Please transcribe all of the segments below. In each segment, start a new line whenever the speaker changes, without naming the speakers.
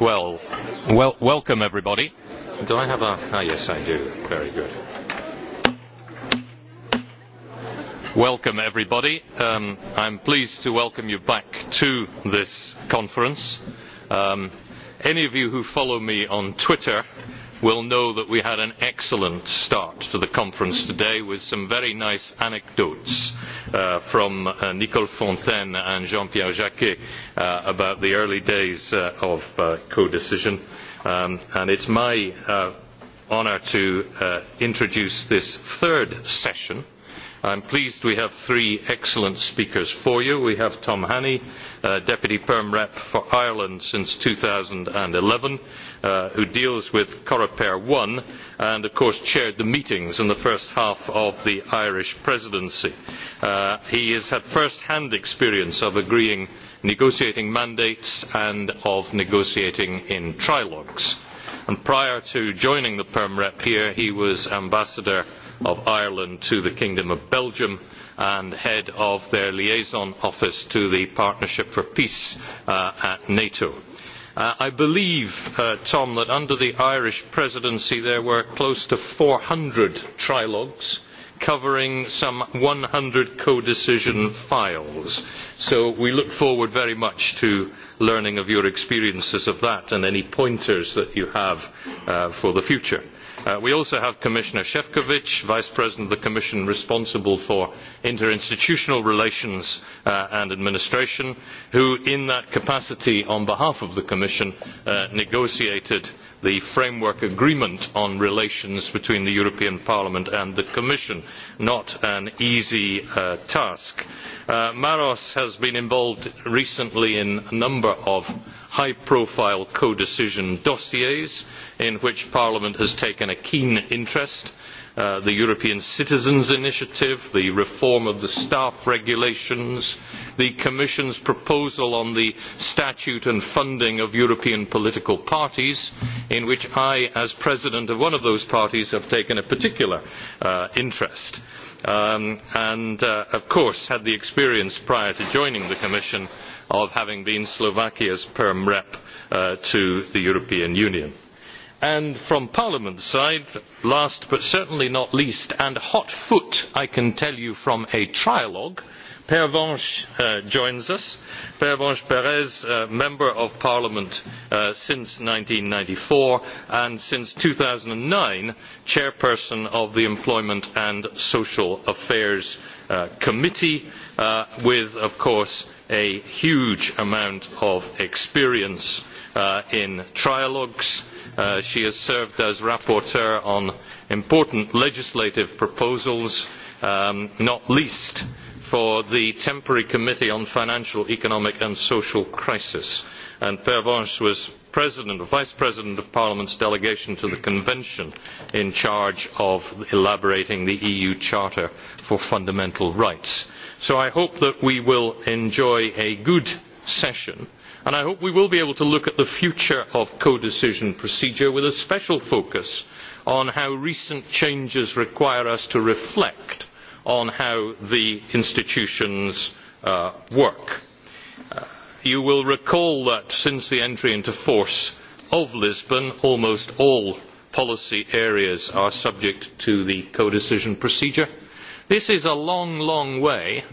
Well, well, welcome everybody. Do I have a... Ah, yes, I do. Very good. Welcome everybody. Um, I'm pleased to welcome you back to this conference. Um, any of you who follow me on Twitter will know that we had an excellent start to the conference today with some very nice anecdotes uh, from uh, Nicole Fontaine and Jean-Pierre Jacquet uh, about the early days uh, of uh, co-decision. Um, and it's my uh, honour to uh, introduce this third session. I am pleased we have three excellent speakers for you. We have Tom Hannay, uh, Deputy Perm Rep for Ireland since 2011, uh, who deals with coreper i and of course chaired the meetings in the first half of the irish presidency. Uh, he has had first hand experience of agreeing negotiating mandates and of negotiating in trialogues. And prior to joining the permanent representative here he was ambassador of ireland to the kingdom of belgium and head of their liaison office to the partnership for peace uh, at nato. Uh, I believe, uh, Tom, that under the Irish presidency there were close to 400 trilogues covering some 100 co-decision files. So we look forward very much to learning of your experiences of that and any pointers that you have uh, for the future. Uh, we also have Commissioner Shevkovic, Vice President of the Commission responsible for interinstitutional relations uh, and administration, who in that capacity on behalf of the Commission uh, negotiated the framework agreement on relations between the European Parliament and the Commission. Not an easy uh, task. Uh, Maros has been involved recently in a number of uh, high profile codecision dossiers in which parliament has taken a keen interest uh, the european citizens initiative the reform of the staff regulations the commission's proposal on the statute and funding of european political parties in which i as president of one of those parties have taken a particular uh, interest um, and uh, of course had the experience prior to joining the commission of of having been Slovakia's perm rep uh, to the European Union. And from Parliament's side, last but certainly not least, and hot foot, I can tell you from a trialogue, uh, pervenche uh, joins us pervenche perez uh, member of parliament uh, since one thousand nine hundred and ninety four and since two thousand and nine chairperson of the employment and social affairs uh, committee uh, with of course a huge amount of experience uh, in trialogues. she has served as rapporteur on important legislative proposals um, not least the for the temporary committee on financial economic and social crisis and pervenche was vice president of parliament's delegation to the convention in charge of elaborating the eu charter for fundamental rights. so i hope that we will enjoy a good session and i hope we will be able to look at the future of codecision procedure with a special focus on how recent changes require us to reflect on how the institutions uh, work. Uh, you will recall that since the entry into force of Lisbon, almost all policy areas are subject to the codecision procedure. This is a long, long way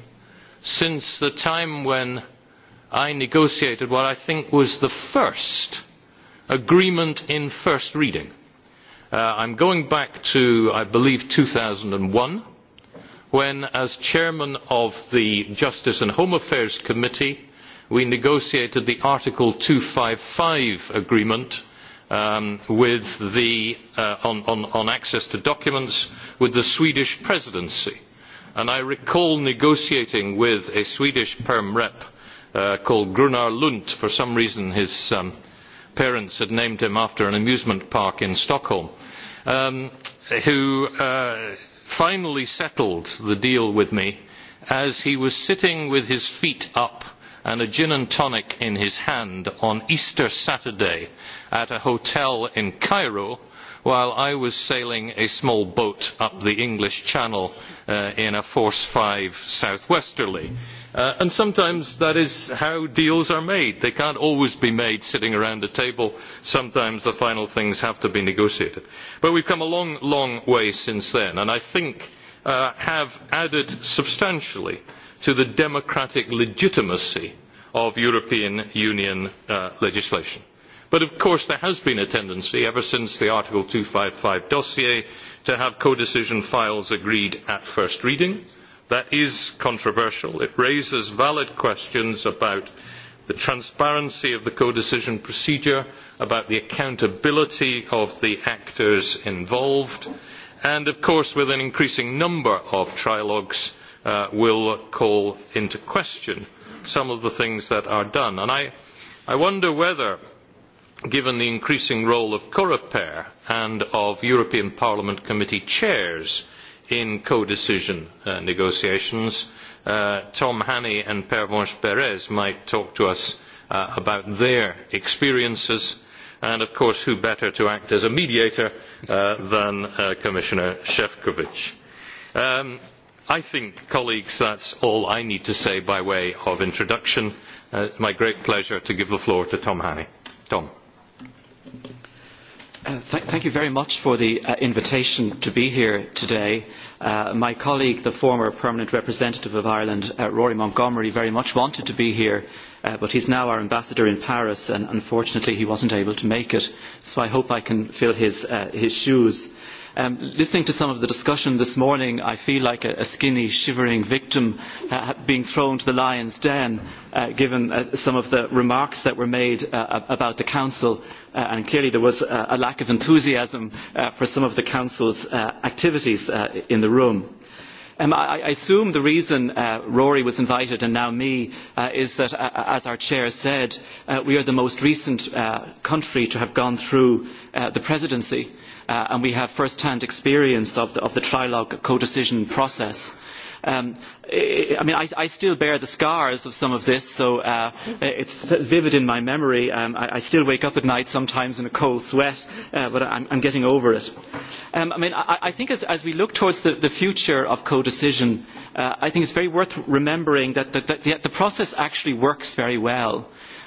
since the time when I negotiated what I think was the first agreement in first reading. Uh, I'm going back to, I believe, 2001 when as chairman of the justice and home affairs committee we negotiated the article two hundred and fifty five agreement um, the, uh, on, on, on access to documents with the swedish presidency and i recall negotiating with a swedish perm rep uh, called gunnar lund for some reason his um, parents had named him after an amusement park in stockholm um, who uh, finally settled the deal with me as he was sitting with his feet up and a gin and tonic in his hand on Easter Saturday at a hotel in Cairo while I was sailing a small boat up the English Channel uh, in a force 5 southwesterly. Uh, and sometimes that is how deals are made. They can't always be made sitting around a table. Sometimes the final things have to be negotiated. But we've come a long, long way since then, and I think uh, have added substantially to the democratic legitimacy of European Union uh, legislation. But of course there has been a tendency ever since the Article 255 dossier to have codecision files agreed at first reading. Uh, that is controversial. it raises valid questions about the transparency of the codecision procedure about the accountability of the actors involved and of course with an increasing number of trialogues uh, will call into question some of the things that are done. And I, I wonder whether, given the increasing role of Coreper and of European Parliament Committee chairs, uh, in codecision uh, negotiations. Uh, Tom Haney and Pervenche Perez might talk to us uh, about their experiences and of course who better to act as a mediator uh, than uh, Commissioner Shevkovich. Um, I think, colleagues, that's all I need to say by way of introduction. Uh, it's my great pleasure to give the floor to Tom Haney. Tom.
Thank you. Uh, th thank you very much for the uh, invitation to be here today. Uh, my colleague, the former permanent representative of Ireland, uh, Rory Montgomery, very much wanted to be here, uh, but he's now our ambassador in Paris, and unfortunately he wasn't able to make it. So I hope I can fill his, uh, his shoes. Um, listening to some of the discussion this morning, I feel like a, a skinny, shivering victim uh, being thrown to the lion's den, uh, given uh, some of the remarks that were made uh, about the Council. Uh, and clearly there was uh, a lack of enthusiasm uh, for some of the Council's uh, activities uh, in the room. Um, I, I assume the reason uh, Rory was invited and now me uh, is that, uh, as our chair said, uh, we are the most recent uh, country to have gone through uh, the presidency. Uh, uh, and we have first hand experience of the, of the trilogue codecision process. Um, I mean, I, I still bear the scars of some of this, so uh, it's vivid in my memory. Um, I, I still wake up at night sometimes in a cold sweat, uh, but I'm, I'm getting over it. Um, I mean, I, I think as, as we look towards the, the future of co-decision, uh, I think it's very worth remembering that the, that the, the process actually works very well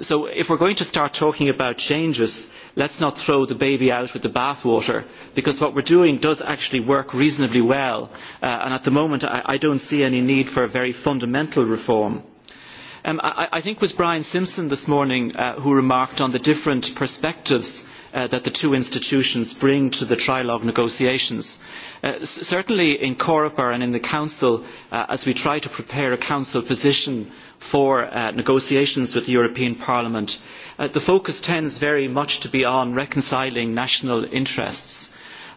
so if we are going to start talking about changes let us not throw the baby out with the bathwater because what we are doing does actually work reasonably well uh, and at the moment i, I do not see any need for a very fundamental reform. Um, I, i think it was brian simpson this morning uh, who remarked on the different perspectives Uh, that the two institutions bring to the trilogue negotiations. Uh, certainly in coreper and in the council uh, as we try to prepare a council position for uh, negotiations with the European Parliament, uh, the focus tends very much to be on reconciling national interests.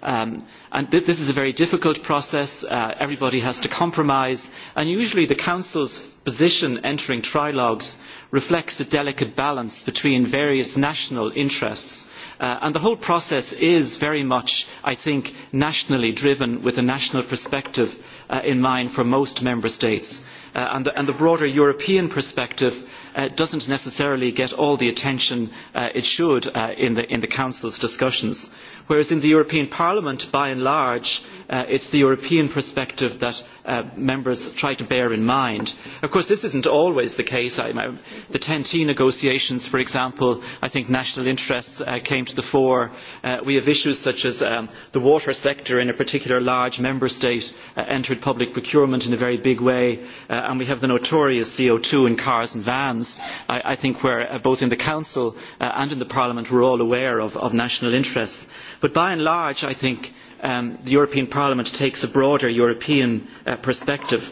Um, and th this is a very difficult process. Uh, everybody has to compromise. And usually the Council's position entering trilogues reflects a delicate balance between various national interests. Uh, and the whole process is very much, I think, nationally driven with a national perspective uh, in mind for most member states. Uh, uh, and, the, and the broader European perspective uh, doesn't necessarily get all the attention uh, it should uh, in, the, in the Council's discussions. Whereas in the European Parliament, by and large, uh, it's the European perspective that uh, members try to bear in mind. Of course, this isn't always the case. I, I, the 10T negotiations, for example, I think national interests uh, came to the fore. Uh, we have issues such as um, the water sector in a particular large member state uh, entered public procurement in a very big way. Uh, uh, and we have the notorious CO2 in cars and vans, I, I think where uh, both in the Council uh, and in the Parliament we're all aware of, of national interests. But by and large, I think um, the European Parliament takes a broader European uh, perspective.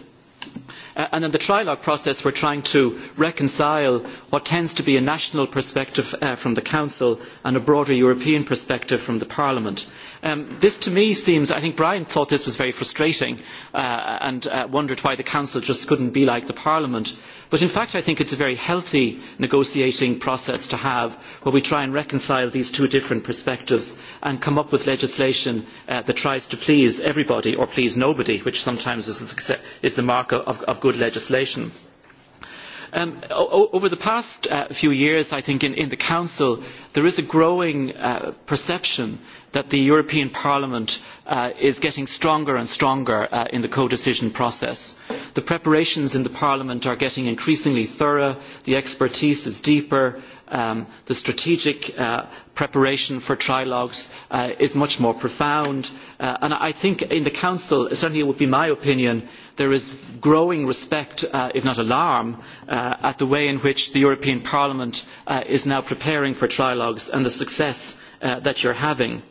Uh, and in the trilogue process we are trying to reconcile what tends to be a national perspective uh, from the council and a broader european perspective from parliament. Um, this to me seems, I think Brian thought this was very frustrating uh, and uh, wondered why the Council just couldn't be like the Parliament. But in fact, I think it's a very healthy negotiating process to have where we try and reconcile these two different perspectives and come up with legislation uh, that tries to please everybody or please nobody, which sometimes is, success, is the mark of, of good legislation. Um, over the past uh, few years, I think in, in the Council, there is a growing uh, perception that the European Parliament uh, is getting stronger and stronger uh, in the co-decision process. The preparations in the Parliament are getting increasingly thorough, the expertise is deeper, um, the strategic uh, preparation for trilogues uh, is much more profound. Uh, and I think in the Council, certainly it would be my opinion, there is growing respect, uh, if not alarm, uh, at the way in which the European Parliament uh, is now preparing for trilogues and the success uh, that you're having.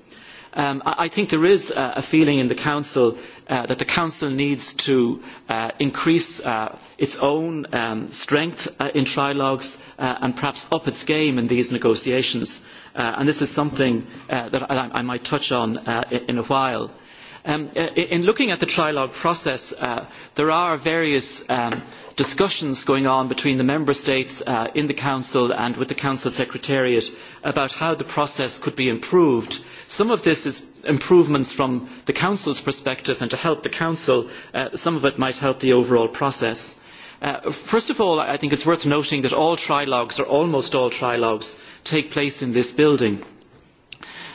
Um, I, I think there is uh, a feeling in the Council uh, that the Council needs to uh, increase uh, its own um, strength uh, in trilogues uh, and perhaps up its game in these negotiations. Uh, and this is something uh, that I, I might touch on uh, in a while. Um, uh, in looking at the trilogue process, uh, there are various um, discussions going on between the member states uh, in the council and with the council secretariat about how the process could be improved Some of this is improvements from the Council's perspective, and to help the Council, uh, some of it might help the overall process. Uh, first of all, I think it's worth noting that all trilogues, or almost all trilogues, take place in this building.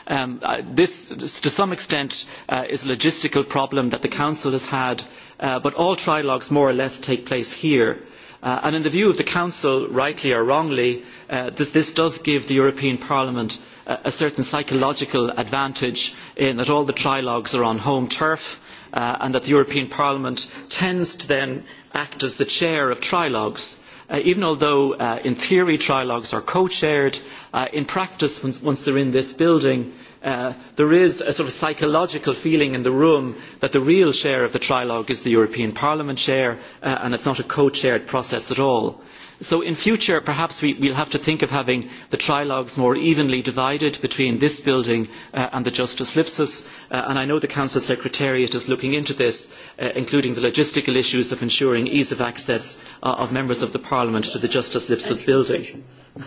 Um, uh, this, this, to some extent, uh, is a logistical problem that the Council has had, uh, but all trilogues more or less take place here. Uh, and in the view of the Council, rightly or wrongly, uh, uh, this, this does give the European Parliament a, a certain psychological advantage in that all the trilogues are on home turf uh, and that the European Parliament tends to then act as the chair of trilogues. Uh, even although uh, in theory trilogues are co-chaired, uh, in practice once, once they're in this building, uh, there is a sort of psychological feeling in the room that the real chair of the trilogue is the European Parliament chair uh, and it's not a co-chaired process at all. Uh, so in future perhaps we will have to think of having the trialogues more evenly divided between this building uh, and the justice lipsus uh, and i know the council secretariat is looking into this uh, including the logistical issues of ensuring ease of access uh, of members of the parliament to the justice lipsus building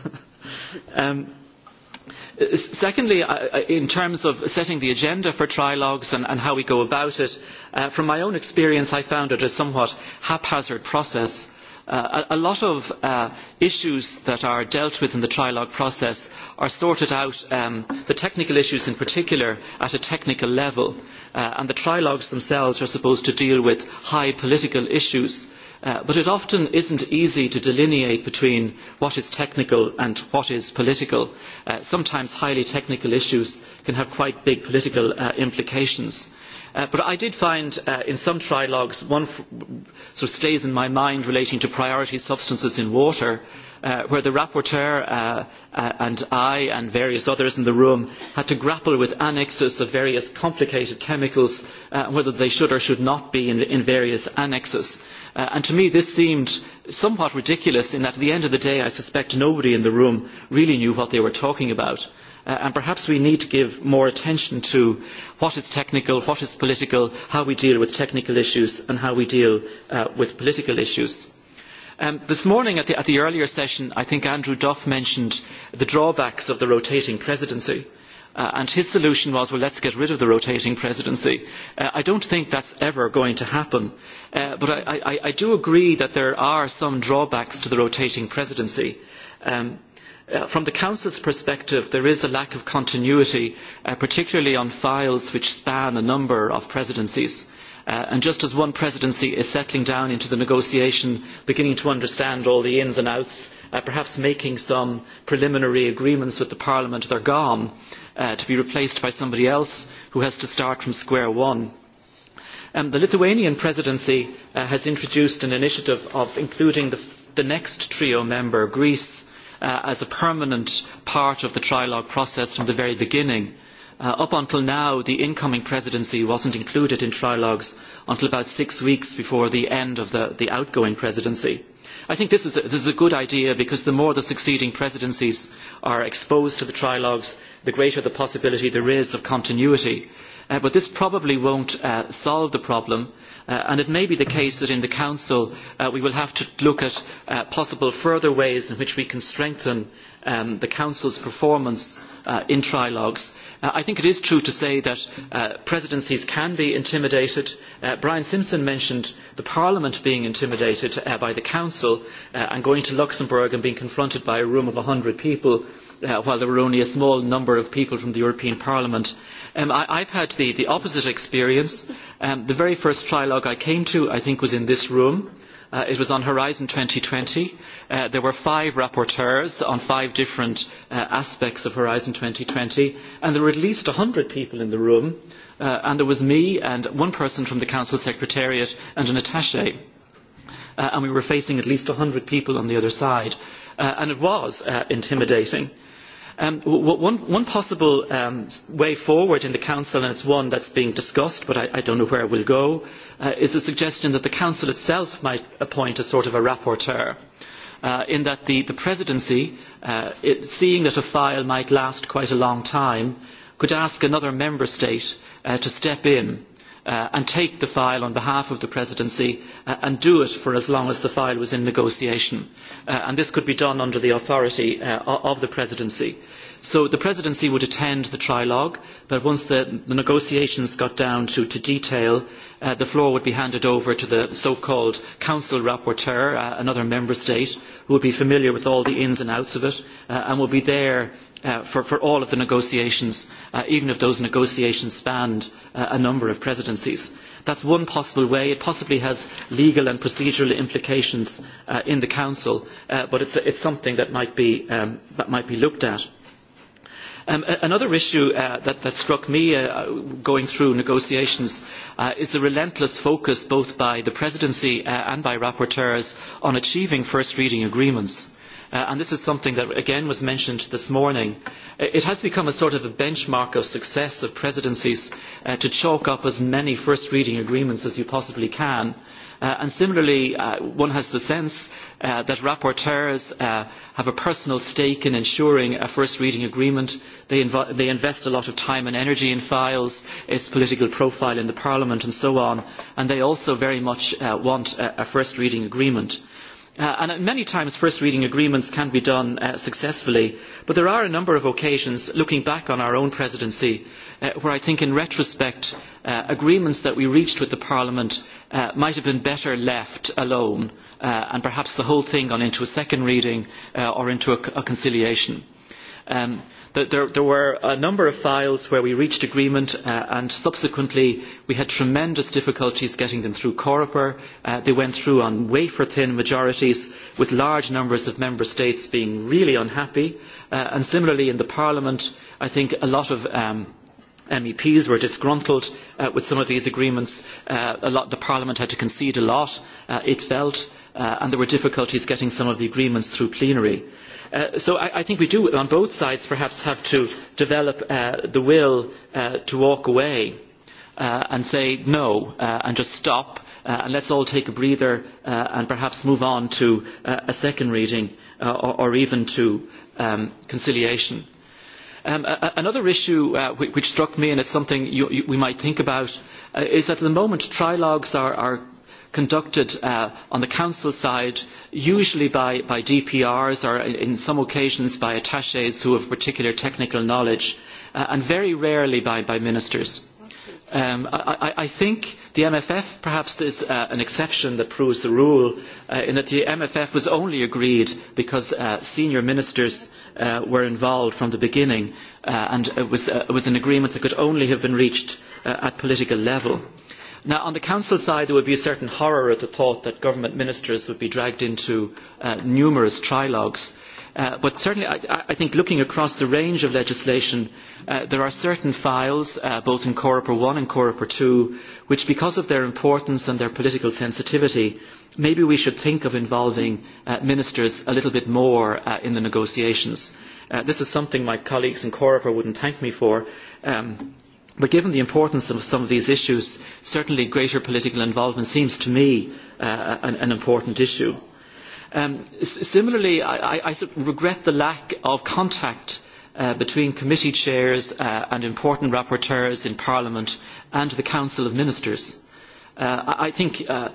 um, secondly in terms of setting the agenda for trialogues and, and how we go about it uh, from my own experience i found it a somewhat haphazard process Uh, a, a lot of uh, issues that are dealt with in the trilogue process are sorted out, um, the technical issues in particular, at a technical level, uh, and the trilogues themselves are supposed to deal with high political issues. Uh, but it often isn't easy to delineate between what is technical and what is political. Uh, sometimes highly technical issues can have quite big political uh, implications. Uh, Uh, but I did find uh, in some trilogues, one f- sort of stays in my mind relating to priority substances in water, uh, where the rapporteur uh, uh, and I and various others in the room had to grapple with annexes of various complicated chemicals, uh, whether they should or should not be in, in various annexes. Uh, and to me this seemed somewhat ridiculous in that at the end of the day I suspect nobody in the room really knew what they were talking about uh, and perhaps we need to give more attention to what is technical, what is political, how we deal with technical issues and how we deal uh, with political issues. Um, this morning at the, at the earlier session, I think Andrew Duff mentioned the drawbacks of the rotating presidency. Uh, and his solution was, well, let's get rid of the rotating presidency. Uh, I don't think that's ever going to happen. Uh, but I, I, I do agree that there are some drawbacks to the rotating presidency. Um, Uh, from the Council's perspective, there is a lack of continuity, uh, particularly on files which span a number of presidencies. Uh, and just as one presidency is settling down into the negotiation, beginning to understand all the ins and outs, uh, perhaps making some preliminary agreements with the Parliament, they're gone uh, to be replaced by somebody else who has to start from square one. Um, the Lithuanian presidency uh, has introduced an initiative of including the, the next trio member, Greece, uh, as a permanent part of the trilogue process from the very beginning. Uh, up until now, the incoming presidency wasn't included in trilogues until about six weeks before the end of the, the outgoing presidency. I think this is, a, this is a good idea because the more the succeeding presidencies are exposed to the trilogues, the greater the possibility there is of continuity Uh, but this probably won't uh, solve the problem. Uh, and it may be the case that in the Council uh, we will have to look at uh, possible further ways in which we can strengthen um, the Council's performance uh, in trilogues. Uh, I think it is true to say that uh, presidencies can be intimidated. Uh, Brian Simpson mentioned the Parliament being intimidated uh, by the Council uh, and going to Luxembourg and being confronted by a room of 100 people uh, while there were only a small number of people from the European Parliament Um, I, I've had the, the opposite experience. Um, the very first trilogue I came to, I think, was in this room. Uh, it was on Horizon 2020. Uh, there were five rapporteurs on five different uh, aspects of Horizon 2020, and there were at least 100 people in the room, uh, and there was me and one person from the Council Secretariat and an attaché. Uh, and we were facing at least 100 people on the other side. Uh, and it was uh, intimidating. Uh, Um, one, one possible um, way forward in the Council, and it's one that's being discussed, but I, I don't know where it will go, uh, is the suggestion that the Council itself might appoint a sort of a rapporteur. Uh, in that the, the presidency, uh, it, seeing that a file might last quite a long time, could ask another member state uh, to step in uh, and take the file on behalf of the presidency uh, and do it for as long as the file was in negotiation. Uh, and this could be done under the authority uh, of the presidency. So the presidency would attend the trilogue, but once the, the negotiations got down to, to detail, uh, the floor would be handed over to the so-called council rapporteur, uh, another member state, who would be familiar with all the ins and outs of it uh, and would be there uh, uh, for, for all of the negotiations, uh, even if those negotiations spanned uh, a number of presidencies. That's one possible way. It possibly has legal and procedural implications uh, in the Council, uh, but it's, it's something that might be, um, that might be looked at. Um, another issue uh, that, that struck me uh, going through negotiations uh, is the relentless focus both by the presidency uh, and by rapporteurs on achieving first reading agreements. Uh, Uh, and this is something that again was mentioned this morning. Uh, it has become a sort of a benchmark of success of presidencies uh, to chalk up as many first reading agreements as you possibly can. Uh, and similarly, uh, one has the sense uh, that rapporteurs uh, have a personal stake in ensuring a first reading agreement. They, inv- they invest a lot of time and energy in files, its political profile in the Parliament and so on, and they also very much uh, want a, a first reading agreement. Uh, Uh, and many times first reading agreements can be done uh, successfully, but there are a number of occasions, looking back on our own presidency, uh, where I think in retrospect uh, agreements that we reached with the Parliament uh, might have been better left alone uh, and perhaps the whole thing gone into a second reading uh, or into a, a conciliation. Um, that there, there were a number of files where we reached agreement uh, and subsequently we had tremendous difficulties getting them through Coreper. Uh, they went through on wafer-thin majorities with large numbers of member states being really unhappy. Uh, and similarly in the Parliament, I think a lot of um, meps were disgruntled uh, with some of these agreements. Uh, lot, the parliament had to concede a lot, uh, it felt, uh, and there were difficulties getting some of the agreements through plenary. Uh, so I, I think we do, on both sides, perhaps have to develop uh, the will uh, to walk away uh, and say no uh, and just stop uh, and let's all take a breather uh, and perhaps move on to uh, a second reading uh, or, or even to um, conciliation. Um, a, another issue uh, which, which struck me, and it's something you, you, we might think about, uh, is that at the moment trilogues are, are conducted uh, on the council side, usually by, by DPRs or in some occasions by attaches who have particular technical knowledge, uh, and very rarely by, by ministers. Um, I, I think the MFF perhaps is uh, an exception that proves the rule uh, in that the MFF was only agreed because uh, senior ministers uh, were involved from the beginning uh, and it was, uh, it was an agreement that could only have been reached uh, at political level. Uh, Now, on the Council side, there would be a certain horror at the thought that government ministers would be dragged into uh, numerous trilogues. Uh, but certainly, I, I think looking across the range of legislation, uh, there are certain files, uh, both in Coreper 1 and Coreper 2, which, because of their importance and their political sensitivity, maybe we should think of involving uh, ministers a little bit more uh, in the negotiations. Uh, this is something my colleagues in Coreper wouldn't thank me for. Um, But given the importance of some of these issues, certainly greater political involvement seems to me uh, an, an important issue. Um, s- similarly, I, I, I regret the lack of contact uh, between committee chairs uh, and important rapporteurs in Parliament and the Council of Ministers. Uh, I, I think uh,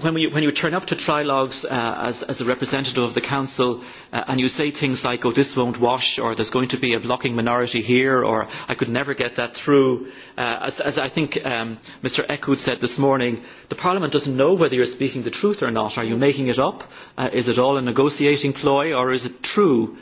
when, we, when you turn up to trilogues uh, as, as a representative of the Council uh, and you say things like, oh, this won't wash, or there's going to be a blocking minority here, or I could never get that through, uh, as, as I think um, Mr. Eckhout said this morning, the Parliament doesn't know whether you're speaking the truth or not. Are you making it up? Uh, is it all a negotiating ploy, or is it true?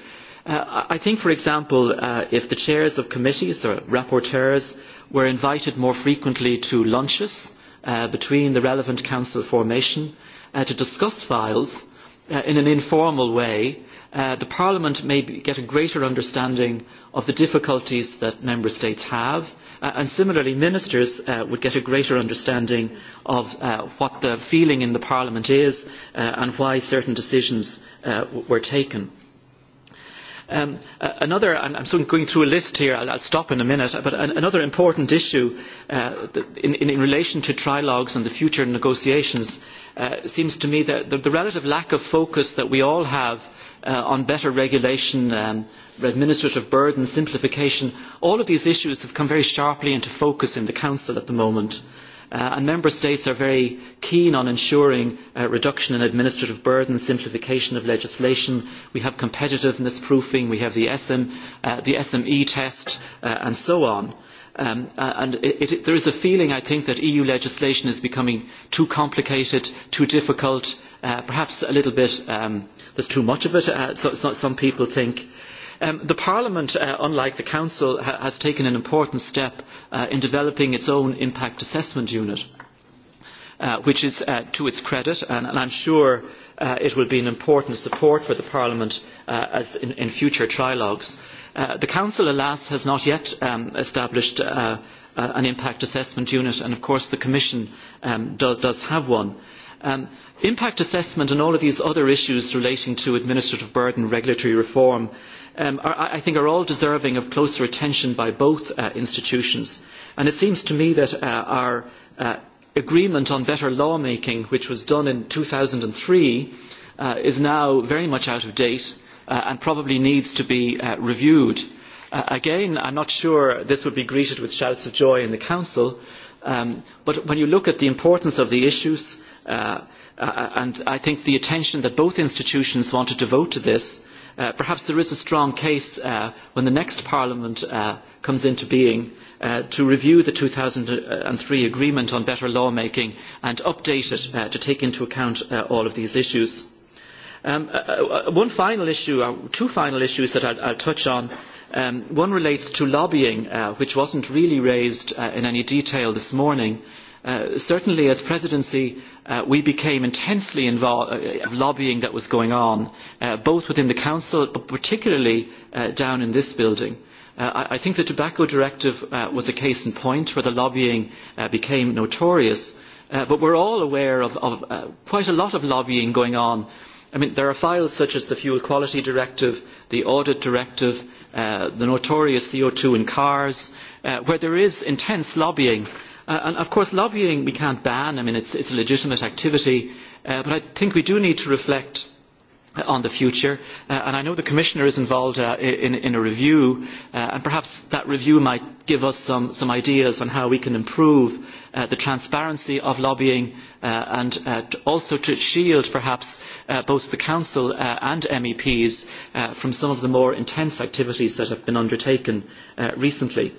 Uh, I think, for example, uh, if the chairs of committees or rapporteurs were invited more frequently to lunches, uh, uh, between the relevant council formation uh, to discuss files uh, in an informal way. Uh, the Parliament may be, get a greater understanding of the difficulties that Member States have, uh, and similarly ministers uh, would get a greater understanding of uh, what the feeling in the Parliament is uh, and why certain decisions uh, were taken. Um, uh, another, I'm, I'm sort of going through a list here, I'll, I'll stop in a minute, but an, another important issue uh, in, in, in relation to trilogues and the future negotiations uh, seems to me that the, the relative lack of focus that we all have uh, on better regulation, um, administrative burden, simplification, all of these issues have come very sharply into focus in the Council at the moment. Uh, Uh, and member states are very keen on ensuring uh, reduction in administrative burden, simplification of legislation. We have competitiveness proofing, we have the, SM, uh, the SME test, uh, and so on. Um, uh, and it, it, there is a feeling, I think, that EU legislation is becoming too complicated, too difficult, uh, perhaps a little bit, um, there's too much of it, uh, so, so some people think. Uh, Um, the Parliament, uh, unlike the Council, ha has taken an important step uh, in developing its own impact assessment unit, uh, which is uh, to its credit, and, and I'm sure uh, it will be an important support for the Parliament uh, as in, in future trilogues. Uh, the Council, alas, has not yet um, established uh, uh, an impact assessment unit, and of course the Commission um, does, does have one. Um, impact assessment and all of these other issues relating to administrative burden regulatory reform um, are, I think are all deserving of closer attention by both uh, institutions. And it seems to me that uh, our uh, agreement on better lawmaking, which was done in 2003, uh, is now very much out of date uh, and probably needs to be uh, reviewed. Uh, again, I'm not sure this would be greeted with shouts of joy in the Council, um, but when you look at the importance of the issues, uh, uh, and I think the attention that both institutions want to devote to this, uh, perhaps there is a strong case uh, when the next Parliament uh, comes into being uh, to review the 2003 agreement on better lawmaking and update it uh, to take into account uh, all of these issues. Um, uh, uh one final issue, or uh, two final issues that I'll, I'll touch on. Um, one relates to lobbying, uh, which wasn't really raised uh, in any detail this morning, uh, Uh, certainly as presidency uh, we became intensely involved in uh, lobbying that was going on uh, both within the council but particularly uh, down in this building. Uh, I, I think the tobacco directive was a case in point where the lobbying became notorious but we are all aware of, of quite a lot of lobbying going on. I mean, there are files such as the fuel quality directive the audit directive the notorious co two in cars where there is intense lobbying Uh, and of course, lobbying we can't ban. I mean, it's, it's a legitimate activity. Uh, but I think we do need to reflect uh, on the future. Uh, and I know the Commissioner is involved uh, in, in a review. Uh, and perhaps that review might give us some, some ideas on how we can improve uh, the transparency of lobbying uh, and uh, to also to shield perhaps uh, both the Council uh, and MEPs uh, from some of the more intense activities that have been undertaken uh, recently. Uh,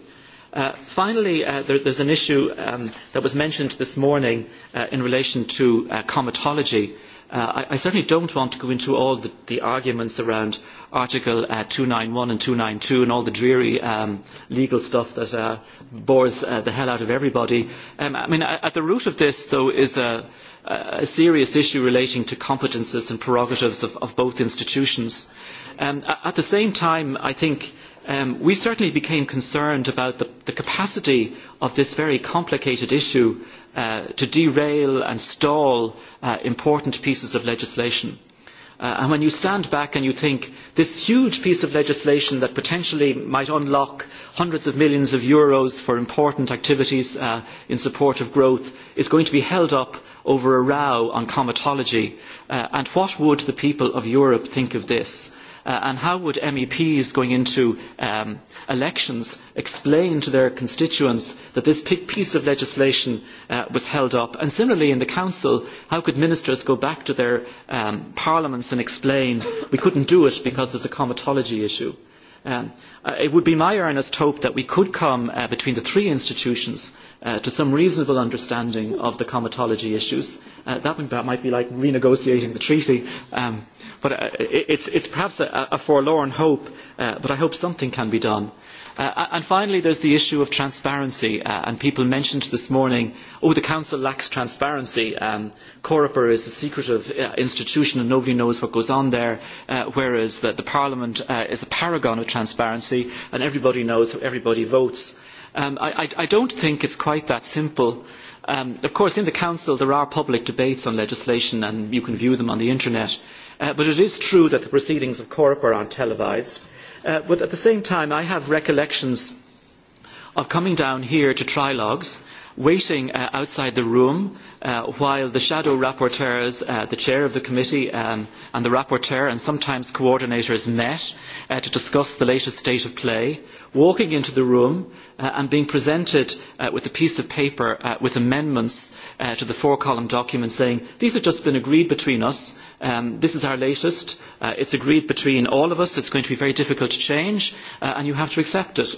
Uh, finally, uh, there, there's an issue um, that was mentioned this morning uh, in relation to uh, comitology. Uh, I, I certainly don't want to go into all the, the arguments around Article uh, 291 and 292 and all the dreary um, legal stuff that uh, bores uh, the hell out of everybody. Um, I mean, at the root of this, though, is a, a serious issue relating to competences and prerogatives of, of both institutions. Um, at the same time, I think uh, um, we certainly became concerned about the, the capacity of this very complicated issue uh, to derail and stall uh, important pieces of legislation. Uh, and when you stand back and you think this huge piece of legislation that potentially might unlock hundreds of millions of euros for important activities uh, in support of growth is going to be held up over a row on comitology, uh, and what would the people of Europe think of this? Uh, Uh, and how would MEPs going into um, elections explain to their constituents that this piece of legislation uh, was held up? And similarly, in the Council, how could ministers go back to their um, parliaments and explain we couldn't do it because there's a comitology issue? Uh, Um, uh, it would be my earnest hope that we could come uh, between the three institutions uh, to some reasonable understanding of the comitology issues. Uh, that, would, that might be like renegotiating the treaty, um, but uh, it, it's, it's perhaps a, a forlorn hope, uh, but I hope something can be done. Uh, Uh, and finally, there's the issue of transparency, uh, and people mentioned this morning, oh, the Council lacks transparency. Um, Coreper is a secretive uh, institution and nobody knows what goes on there, uh, whereas the, the Parliament uh, is a paragon of transparency and everybody knows how everybody votes. Um, I, I, I don't think it's quite that simple. Um, of course, in the Council there are public debates on legislation and you can view them on the internet. Uh, but it is true that the proceedings of Coreper aren't televised. Uh, Uh, but at the same time, I have recollections of coming down here to trilogues, waiting uh, outside the room uh, while the shadow rapporteurs, uh, the chair of the committee um, and the rapporteur and sometimes coordinators met uh, to discuss the latest state of play walking into the room uh, and being presented uh, with a piece of paper uh, with amendments uh, to the four column document saying, These have just been agreed between us. Um, this is our latest. Uh, it's agreed between all of us. It's going to be very difficult to change, uh, and you have to accept it.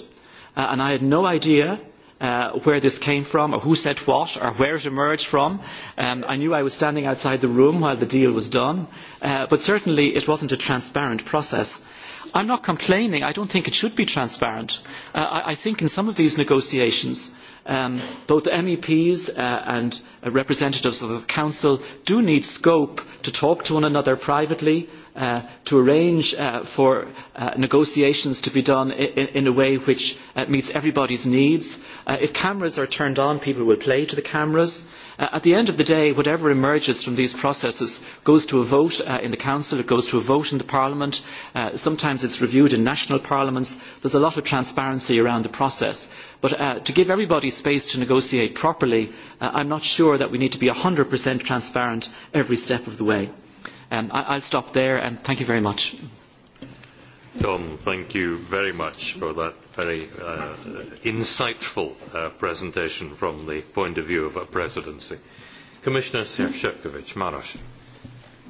Uh, and I had no idea uh, where this came from or who said what or where it emerged from. Um, I knew I was standing outside the room while the deal was done, uh, but certainly it wasn't a transparent process. Uh, I'm not complaining. I don't think it should be transparent. Uh, I, I think in some of these negotiations, um, both MEPs uh, and uh, representatives of the Council do need scope to talk to one another privately, uh, to arrange uh, for uh, negotiations to be done in, in a way which uh, meets everybody's needs. Uh, if cameras are turned on, people will play to the cameras. Uh, Uh, at the end of the day, whatever emerges from these processes goes to a vote uh, in the Council, it goes to a vote in the Parliament, uh, sometimes it's reviewed in national parliaments. There's a lot of transparency around the process. But uh, to give everybody space to negotiate properly, uh, I'm not sure that we need to be 100% transparent every step of the way. Um, I- I'll stop there and thank you very much.
Tom, thank you very much for that very uh, insightful uh, presentation from the point of view of a presidency. Commissioner Sefcovic, Maros. Mm -hmm.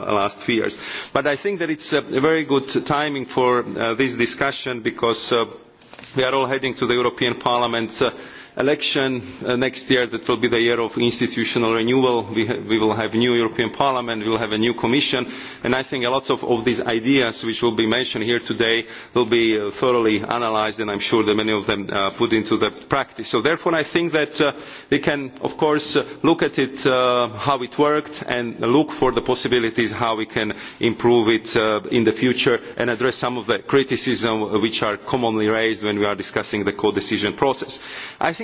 the last few years. But I think that it's a very good timing for uh, this discussion because uh, we are all heading to the European Parliament uh, election uh, next year that will be the year of institutional renewal we, ha we will have a new european parliament we will have a new commission and i think a lot of, of these ideas which will be mentioned here today will be uh, thoroughly analysed and i am sure that many of them uh, put into the practice. so therefore i think that uh, we can of course uh, look at it uh, how it worked and look for the possibilities how we can improve it uh, in the future and address some of the criticism which are commonly raised when we are discussing the codecision process. i think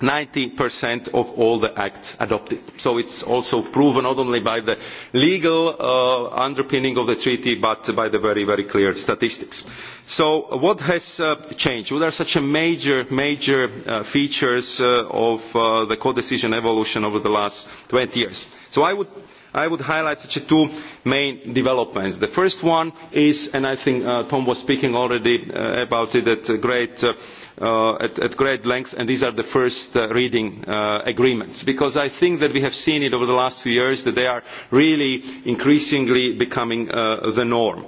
ninety of all the acts adopted. so it is also proven not only by the legal uh, underpinning of the treaty but by the very very clear statistics. so what has uh, changed? what are such major major uh, features uh, of uh, the codecision evolution over the last twenty years? so i would i would highlight two main developments. the first one is and i think uh, tom was speaking already uh, about it at great, uh, uh at, at great length and these are the first uh, reading uh, agreements because i think that we have seen over the last few years that they are really increasingly becoming the norm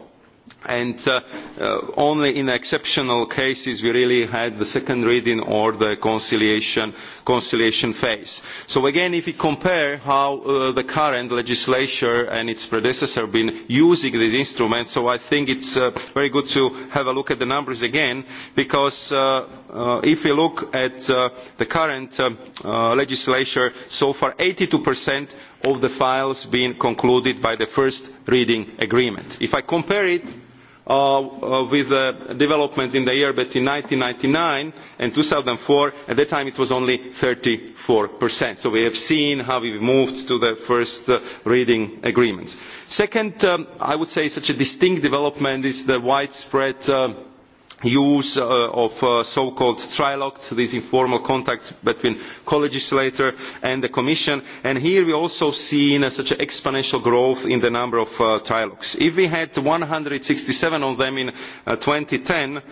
and uh, uh, only in exceptional cases we really had the second reading or the conciliation, conciliation phase. So again, if we compare how uh, the current legislature and its predecessor have been using these instruments, so I think it's uh, very good to have a look at the numbers again, because uh, uh, if we look at uh, the current uh, uh, legislature, so far 82% of the files being concluded by the first reading agreement. if i compare it uh, uh with uh, developments in the year between 1999 and 2004, at that time it was only 34%. So we have seen how we moved to the first uh, reading agreements. Second, um, I would say such a distinct development is the widespread uh, use uh, of uh, so-called trilogues, these informal contacts between co-legislator and the Commission. And here we also see uh, such an exponential growth in the number of uh, trilogues. If we had 167 of them in uh, 2010,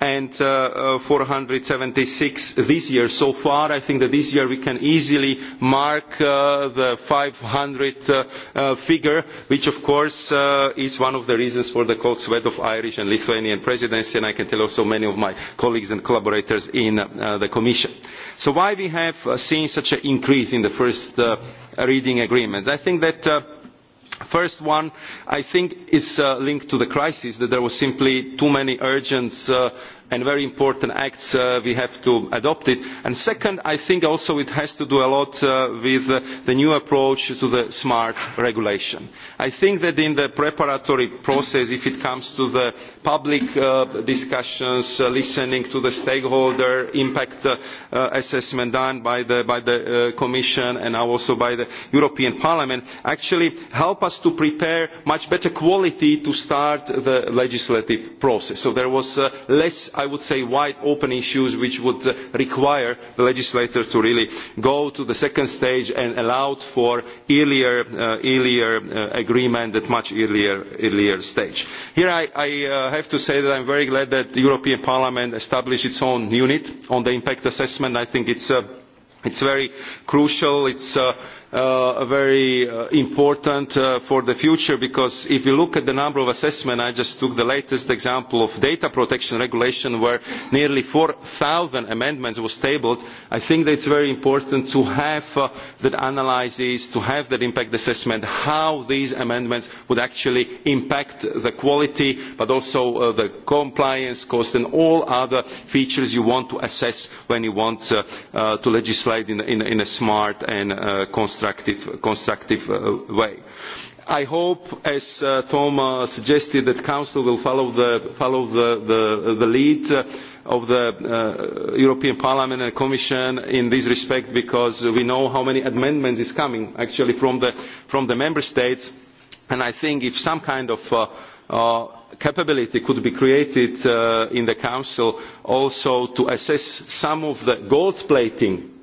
and uh, 476 uh, this year so far. I think that this year we can easily mark uh, the 500 uh, uh, figure, which of course uh, is one of the reasons for the cold sweat of Irish and Lithuanian presidency, and I can tell also many of my colleagues and collaborators in uh, the Commission. So why we have uh, seen such an increase in the first uh, reading agreements? I think that uh, first one i think is uh, linked to the crisis that there were simply too many urgent uh, and very important acts uh, we have to adopt it. And second, I think also it has to do a lot uh, with uh, the new approach to the smart regulation. I think that in the preparatory process, if it comes to the public uh, discussions, uh, listening to the stakeholder impact uh, uh, assessment done by the, by the uh, Commission and now also by the European Parliament, actually help us to prepare much better quality to start the legislative process. So there was uh, less i would say wide open issues which would uh, require the legislator to really go to the second stage and allow for earlier, uh, earlier uh, agreement at a much earlier, earlier stage. here i, I have to say that i am very glad that the european parliament established its own unit on the impact assessment. i think it is very crucial. it uh, very uh, important uh, for the future because if you look at the number of assessments, I just took the latest example of data protection regulation where nearly 4,000 amendments was tabled. I think that it's very important to have uh, that analysis, to have that impact assessment, how these amendments would actually impact the quality but also uh, the compliance cost and all other features you want to assess when you want uh, uh, to legislate in, in, in a smart and uh, constant constructive, constructive uh, way. I hope, as uh, Tom uh, suggested, that Council will follow the, follow the, the, the lead uh, of the uh, European Parliament and Commission in this respect because we know how many amendments is coming actually from the, from the Member States and I think if some kind of uh, uh, capability could be created uh, in the Council also to assess some of the gold plating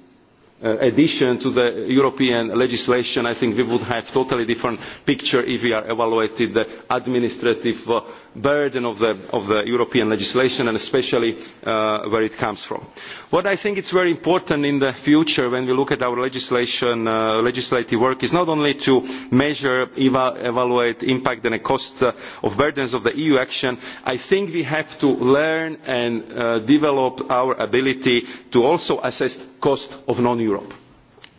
uh, addition to the European legislation, I think we would have a totally different picture if we are evaluated the administrative uh, burden of the, of the European legislation and especially uh, where it comes from. What I think is very important in the future when we look at our legislation, uh, legislative work is not only to measure, eva evaluate impact and the cost uh, of burdens of the EU action, I think we have to learn and uh, develop our ability to also assess cost of non-Europe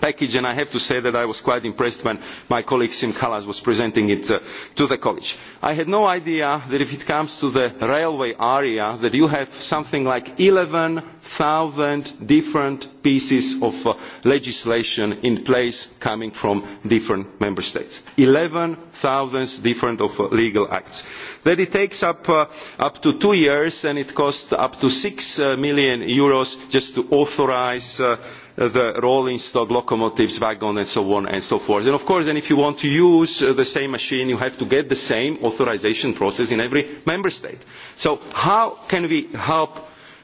package and i have to say that i was quite impressed when my colleague siim kallas was presenting it uh, to the college. i had no idea that if it comes to the railway area that you have something like eleven zero different pieces of uh, legislation in place coming from different member states eleven zero different of, uh, legal acts. that it takes up, uh, up to two years and it costs up to eur six uh, million Euros just to authorise uh, the rolling stock locomotives, wagons and so on and so forth. And of course, and if you want to use uh, the same machine, you have to get the same authorization process in every member state. So how can we help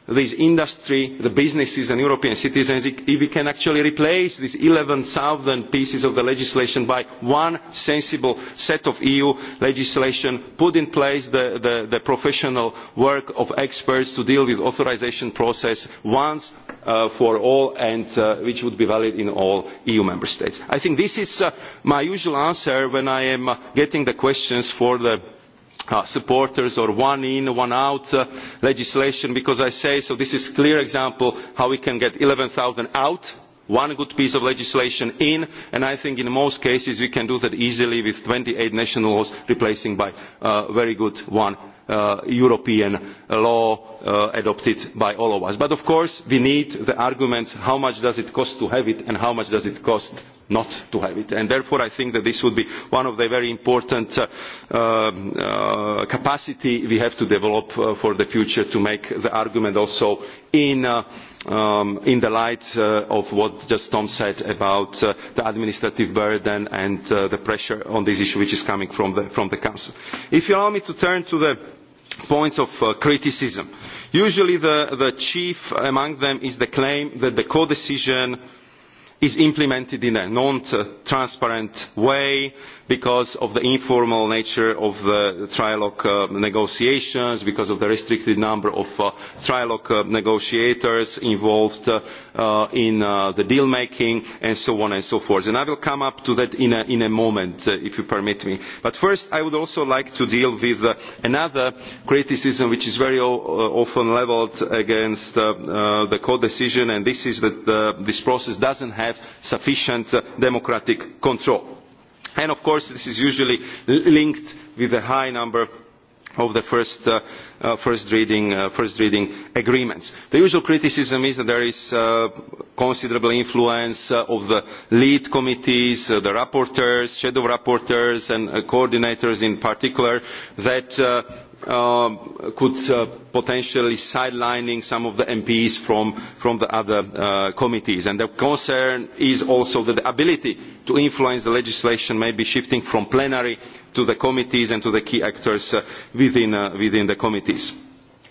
this industry, the businesses and European citizens if we can actually replace these 11,000 pieces of the legislation by one sensible set of EU legislation, put in place the, the, the professional work of experts to deal with authorization process once uh, for all and uh, which would be valid in all EU member states. I think this is uh, my usual answer when I am uh, getting the questions for the uh, supporters or one in, one out uh, legislation because I say, so this is a clear example how we can get 11,000 out one good piece of legislation in and i think in most cases we can do that easily with twenty eight national laws replaced by a uh, very good one uh, european law uh, adopted by all of us. but of course we need the arguments how much does it cost to have it and how much does it cost not to have it? And therefore i think that this would be one of the very important uh, um, uh, capacity we have to develop uh, for the future to make the argument also in uh, um, in the light uh, of what just Tom said about uh, the administrative burden and uh, the pressure on this issue which is coming from the, from the Council. If you allow me to turn to the points of uh, criticism. Usually the, the chief among them is the claim that the co-decision uh, is implemented in a non transparent way because of the informal nature of the trilogue uh, negotiations because of the restricted number of uh, trilogue uh, negotiators involved uh, uh, in uh, the deal making and so on and so forth. And i will come back to that in a, in a moment if you permit me. but first i would also like to deal with another criticism which is very often levelled against the codecision and this is that the, this process does not have sufficient uh, democratic control. And of course this is usually linked with a high number of the first, uh, uh, first, reading, uh, first reading agreements. The usual criticism is that there is uh, considerable influence uh, of the lead committees, uh, the rapporteurs, shadow rapporteurs and uh, coordinators in particular that uh, uh, could uh, potentially sidelining some of the MPs from, from the other uh, committees. And the concern is also that the ability to influence the legislation may be shifting from plenary to the committees and to the key actors uh, within, uh, within the committees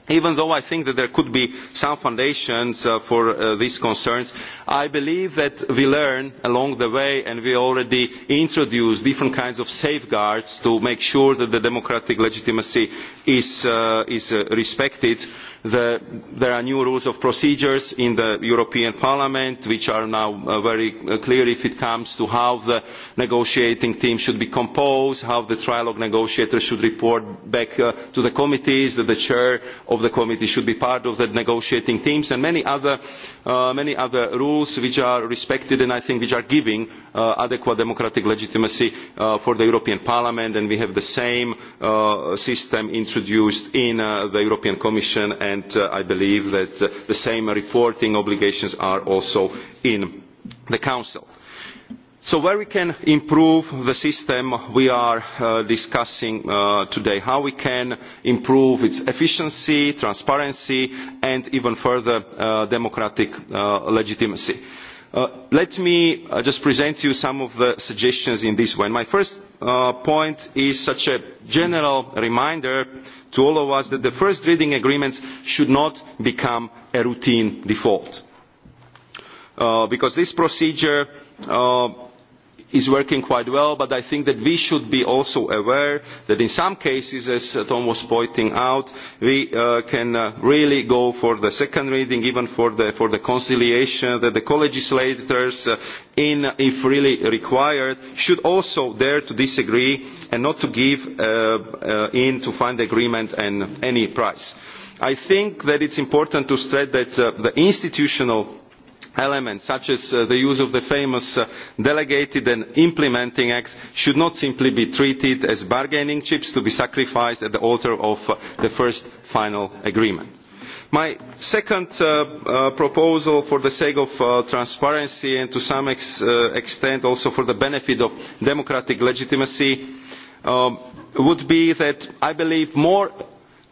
even though i think that there could be some foundations uh, for uh, these concerns i believe that we learn along the way and we already introduce different kinds of safeguards to make sure that the democratic legitimacy is, uh, is uh, respected. Uh, The, there are new rules of procedures in the European Parliament which are now uh, very uh, clear if it comes to how the negotiating team should be composed, how the trilogue negotiators should report back uh, to the committees, that the chair of the committee should be part of the negotiating teams and many other, uh, many other rules which are respected and I think which are giving uh, adequate democratic legitimacy uh, for the European Parliament and we have the same uh, system introduced in uh, the European Commission and and uh, I believe that uh, the same reporting obligations are also in the Council. So where we can improve the system we are uh, discussing uh, today, how we can improve its efficiency, transparency and even further uh, democratic uh, legitimacy. Uh, let me uh, just present you some of the suggestions in this one. My first uh, point is such a general reminder to all of us that the first reading agreements should not become a routine default. Uh, because this procedure uh, is working quite well but i think that we should be also aware that in some cases as tom was pointing out we uh, can uh, really go for the second reading even for the for the conciliation that the co-legislators uh, in if really required should also dare to disagree and not to give uh, uh, in to find agreement at any price i think that it's important to stress that uh, the institutional elements such as uh, the use of the famous uh, delegated and implementing acts should not simply be treated as bargaining chips to be sacrificed at the altar of uh, the first final agreement. my second uh, uh, proposal for the sake of uh, transparency and to some ex extent also for the benefit of democratic legitimacy would be that i believe more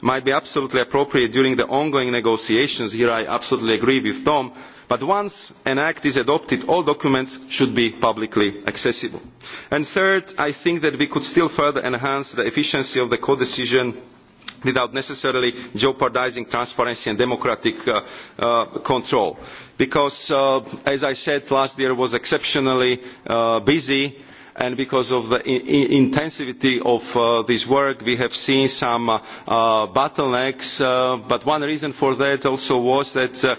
might be absolutely appropriate during the ongoing negotiations here i absolutely agree with tom but once an act is adopted all documents should be publicly accessible. And third i think that we could still further enhance the efficiency of the codecision without necessarily jeopardising transparency and democratic uh, uh, control because uh, as i said last year was exceptionally uh, busy and because of the intensity of uh, this work we have seen some uh, bottlenecks uh, but one reason for that also was that uh,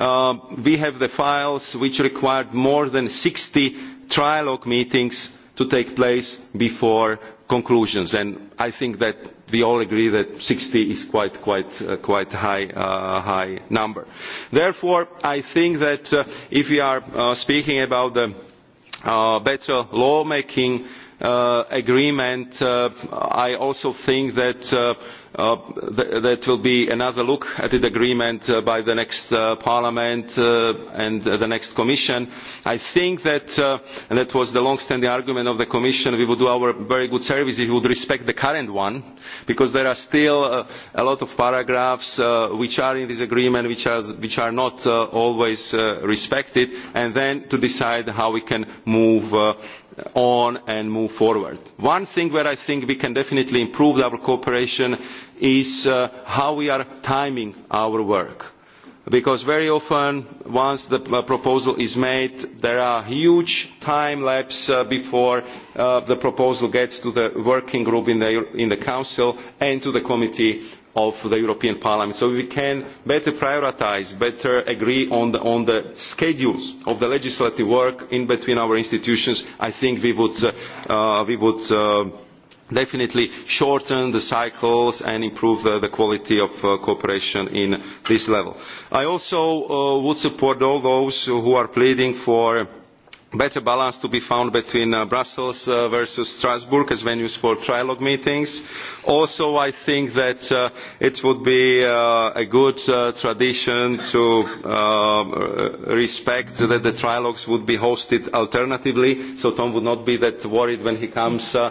uh, we have the files which required more than 60 trilogue meetings to take place before conclusions and i think that we all agree that 60 is quite quite uh, quite high uh, high number therefore i think that uh, if we are uh, speaking about the uh, better lawmaking uh, agreement. Uh, I also think that uh, Uh, th that will be another look at the agreement uh, by the next uh, parliament uh, and uh, the next commission. i think that uh, and that was the long standing argument of the commission we would do our very good service if we would respect the current one because there are still a lot of paragraphs which are in this agreement which are, which are not always respected and then to decide how we can move on and move forward. One thing where I think we can definitely improve our cooperation is uh, how we are timing our work. Because very often, once the uh, proposal is made, there are huge time lapse uh, before uh, the proposal gets to the working group in the, in the Council and to the Committee of the European Parliament. So we can better prioritize, better agree on the, on the schedules of the legislative work in between our institutions. I think we would, uh, uh, we would uh, definitely shorten the cycles and improve the, the quality of uh, cooperation in this level. I also uh, would support all those who are pleading for uh, better balance to be found between uh, Brussels uh, versus Strasbourg as venues for trilogue meetings. Also, I think that uh, it would be uh, a good uh, tradition to uh, respect that the trilogues would be hosted alternatively, so Tom would not be that worried when he comes uh,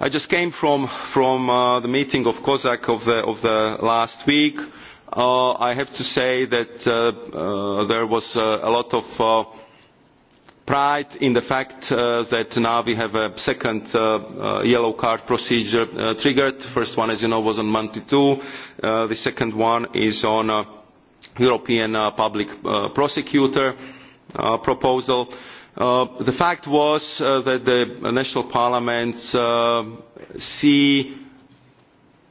i just came from, from uh, the meeting of cosac of the, of the last week. Uh, i have to say that uh, uh there was uh, a lot of uh, pride in the fact that now we have a second yellow card procedure triggered. the first one as you know was on monti ii the second one is on the european public prosecutor proposal. Uh, the fact was uh, that the national parliaments uh, see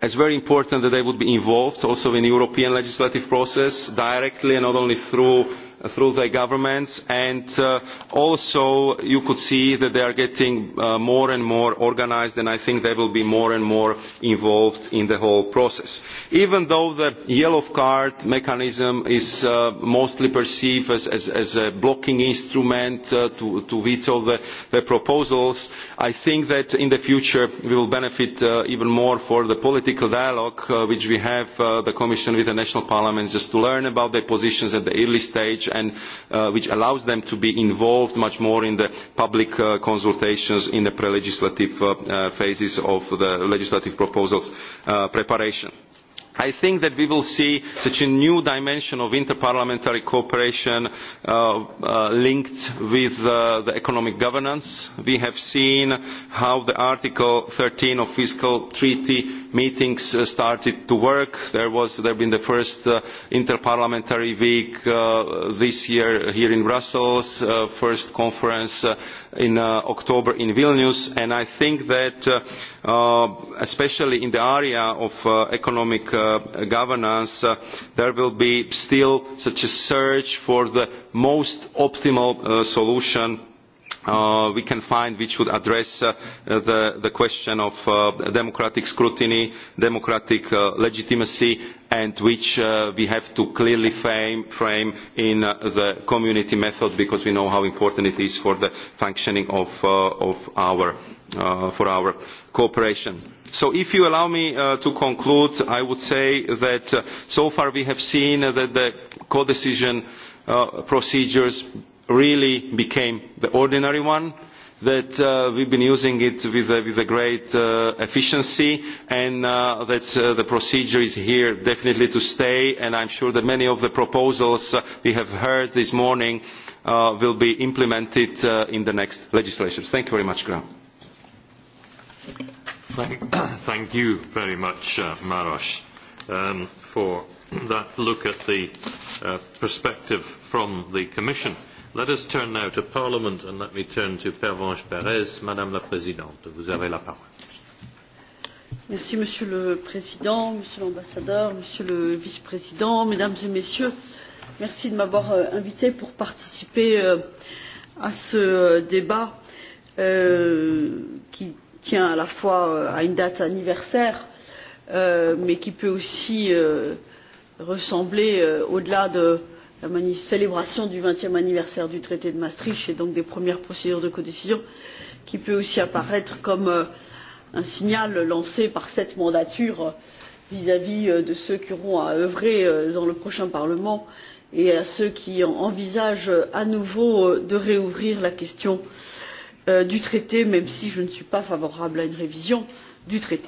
as very important that they would be involved also in the European legislative process directly and not only through through their governments and uh, also you could see that they are getting uh, more and more organized and I think they will be more and more involved in the whole process. Even though the yellow card mechanism is uh, mostly perceived as, as, as a blocking instrument uh, to, to veto the, the proposals, I think that in the future we will benefit uh, even more for the political dialogue uh, which we have uh, the Commission with the national parliaments just to learn about their positions at the early stage which, and, uh, which allows them to be involved much more in the public uh, consultations in the pre-legislative uh, uh, phases of the legislative proposals uh, preparation i think that we will see such a new dimension of interparliamentary cooperation uh, uh, linked with uh, the economic governance. we have seen how the article thirteen of the fiscal treaty meetings uh, started to work. There was there been the first uh, interparliamentary week uh, this year here in Brussels, uh, first conference uh, in uh, October in Vilnius, and I think that uh, uh, especially in the area of uh, economic uh, governance, uh, there will be still such a search for the most optimal uh, solution uh, we can find which would address uh, the, the question of uh, democratic scrutiny, democratic uh, legitimacy, and which uh, we have to clearly frame, frame in uh, the community method because we know how important it is for the functioning of, uh, of our, uh, for our cooperation. So if you allow me uh, to conclude, I would say that uh, so far we have seen that the co-decision uh, procedures really became the ordinary one that uh, we've been using it with, uh, with a great uh, efficiency and uh, that uh, the procedure is here definitely to stay and I'm sure that many of the proposals uh, we have heard this morning uh, will be implemented uh, in the next legislation. Thank you very much, Graham. Thank, thank you very much,
uh, Maros, um, for that look at the uh, perspective from the Commission. Let us turn now to Parliament and let me turn to Pervenche Perez. Madame la Présidente, vous avez la parole.
Merci Monsieur le Président, Monsieur l'Ambassadeur, Monsieur le Vice-président, Mesdames et Messieurs, merci de m'avoir euh, invité pour participer euh, à ce euh, débat euh, qui tient à la fois euh, à une date anniversaire euh, mais qui peut aussi euh, ressembler euh, au delà de la célébration du vingtième anniversaire du traité de maastricht et donc des premières procédures de codécision qui peut aussi apparaître comme euh, un signal lancé par cette mandature vis à vis de ceux qui auront à œuvrer euh, dans le prochain parlement et à ceux qui envisagent euh, à nouveau de rouvrir la question du traité même si je ne suis pas favorable à une révision du traité.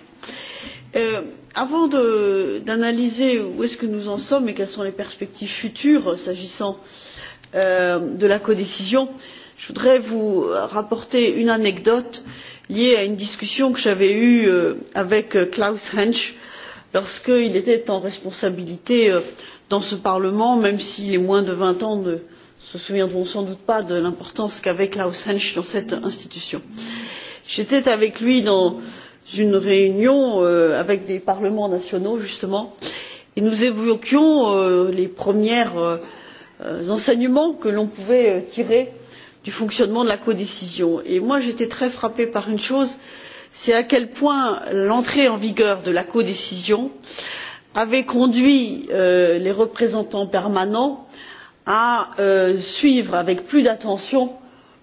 Euh, avant d'analyser où est ce que nous en sommes et quelles sont les perspectives futures s'agissant euh, de la codécision je voudrais vous rapporter une anecdote liée à une discussion que j'avais eue euh, avec euh, klaus hensch lorsqu'il était en responsabilité euh, dans ce parlement même si les moins de vingt ans ne se souviendront sans doute pas de l'importance qu'avait klaus hensch dans cette institution. j'étais avec lui dans une réunion euh, avec des parlements nationaux justement et nous évoquions euh, les premiers euh, enseignements que l'on pouvait euh, tirer du fonctionnement de la codécision. j'étais très frappée par une chose c'est à quel point l'entrée en vigueur de la codécision avait conduit euh, les représentants permanents à euh, suivre avec plus d'attention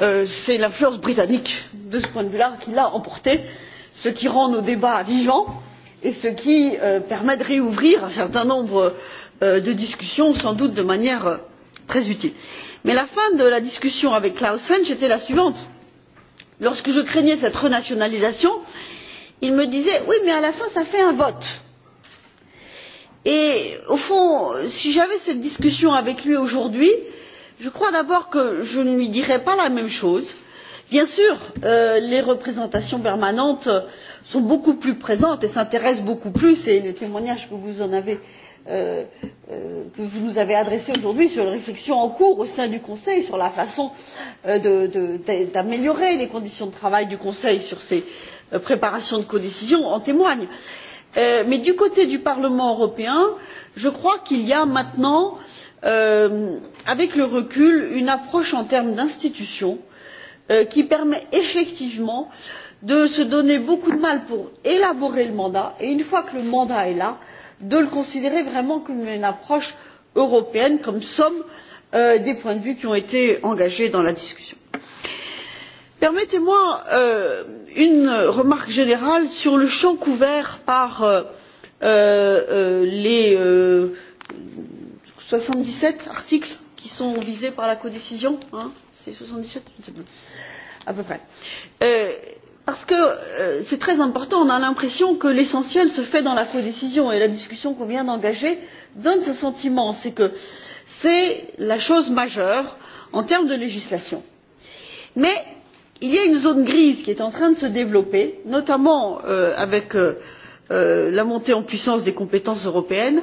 Euh, c'est l'influence britannique de ce point de vue là qui l'a emporté ce qui rend nos débats vivants et ce qui euh, permet de rouvrir un certain nombre euh, de discussions sans doute de manière très utile. mais la fin de la discussion avec klaus hensch était la suivante lorsque je craignais cette renationalisation il me disait oui mais à la fin ça fait un vote. et au fond si j'avais cette discussion avec lui aujourd'hui je je crois d'abord que je ne lui dirai pas la même chose. bien sûr euh, les représentations permanentes sont beaucoup plus présentes et s'intéressent beaucoup plus et les témoignages euh, euh, que vous nous avez adressés aujourd'hui sur les réflexions en cours au sein du conseil sur la façon d'améliorer les conditions de travail du conseil sur ces préparations de codécision en témoignent. mais du côté du parlement européen je crois qu'il y a maintenant une avec le recul une approche en termes d'institutions euh, qui permet effectivement de se donner beaucoup de mal pour élaborer le mandat et une fois que le mandat est là de le considérer vraiment comme une approche européenne comme somme euh, des points de vue qui ont été engagés dans la discussion. permettez moi euh, une remarque générale sur le champ couvert par les soixante dix sept articles qui sont visés par la codécision c'est soixante dix sept à peu près euh, parce que euh, c'est très important on a l'impression que l'essentiel se fait dans la codécision et la discussion qu'on vient d'engager donne ce sentiment c'est que c'est la chose majeure en termes de législation. mais il y a une zone grise qui est en train de se développer notamment euh, avec euh, euh, la montée en puissance des compétences européennes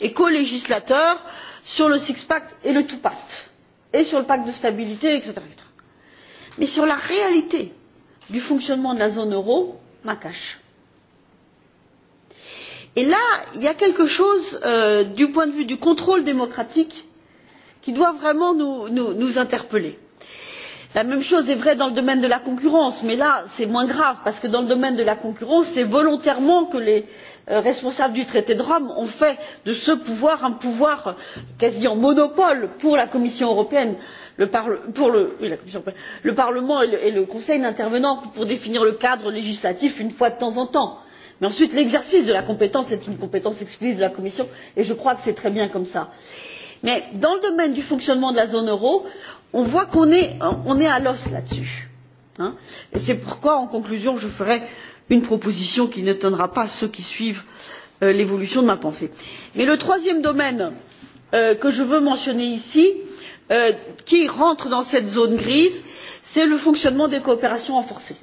et colégislateur sur le six pack et le two pack et sur le pacte de stabilité etc. mais sur la réalité du fonctionnement de la zone euro ma cache. et là il y a quelque chose euh, du point de vue du contrôle démocratique qui doit vraiment nous, nous, nous interpeller. la même chose est vraie dans le domaine de la concurrence mais là c'est moins grave parce que dans le domaine de la concurrence c'est volontairement que les Euh, responsables du traité de rome ont fait de ce pouvoir un pouvoir quasi en monopole pour la commission européenne le parlement et le conseil n'intervenant que pour définir le cadre législatif une fois de temps en temps mais ensuite l'exercice de la compétence est une compétence exclusive de la commission et je crois que c'est très bien comme cela. mais dans le domaine du fonctionnement de la zone euro on voit qu'on est à l'os là dessus et c'est pourquoi en conclusion je ferai une proposition qui n'étonnera pas ceux qui suivent euh, l'évolution de ma pensée. mais le troisième domaine euh, que je veux mentionner ici euh, qui entre dans cette zone grise c'est le fonctionnement des coopérations renforcées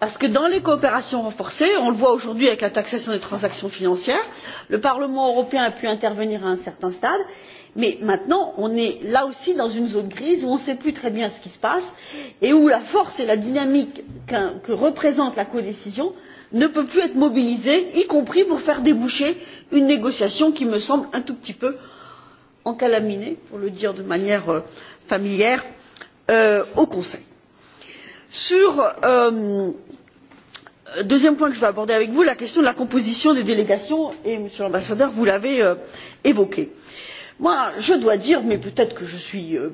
parce que dans les coopérations renforcées on le voit aujourd'hui avec la taxation des transactions financières le parlement européen a pu intervenir à un certain stade mais maintenant on est là aussi dans une zone grise où on ne sait plus très bien ce qui se passe et où la force et la dynamique que représente la codécision ne peuvent plus être mobilisées y compris pour faire déboucher une négociation qui me semble un tout petit peu encalaminée pour le dire de manière euh, familière euh, au conseil. le euh, deuxième point que je veux aborder avec vous est la question de la composition des délégations et monsieur l'ambassadeur vous l'avez évoquée. Moi, je dois dire, mais peut-être que je suis euh,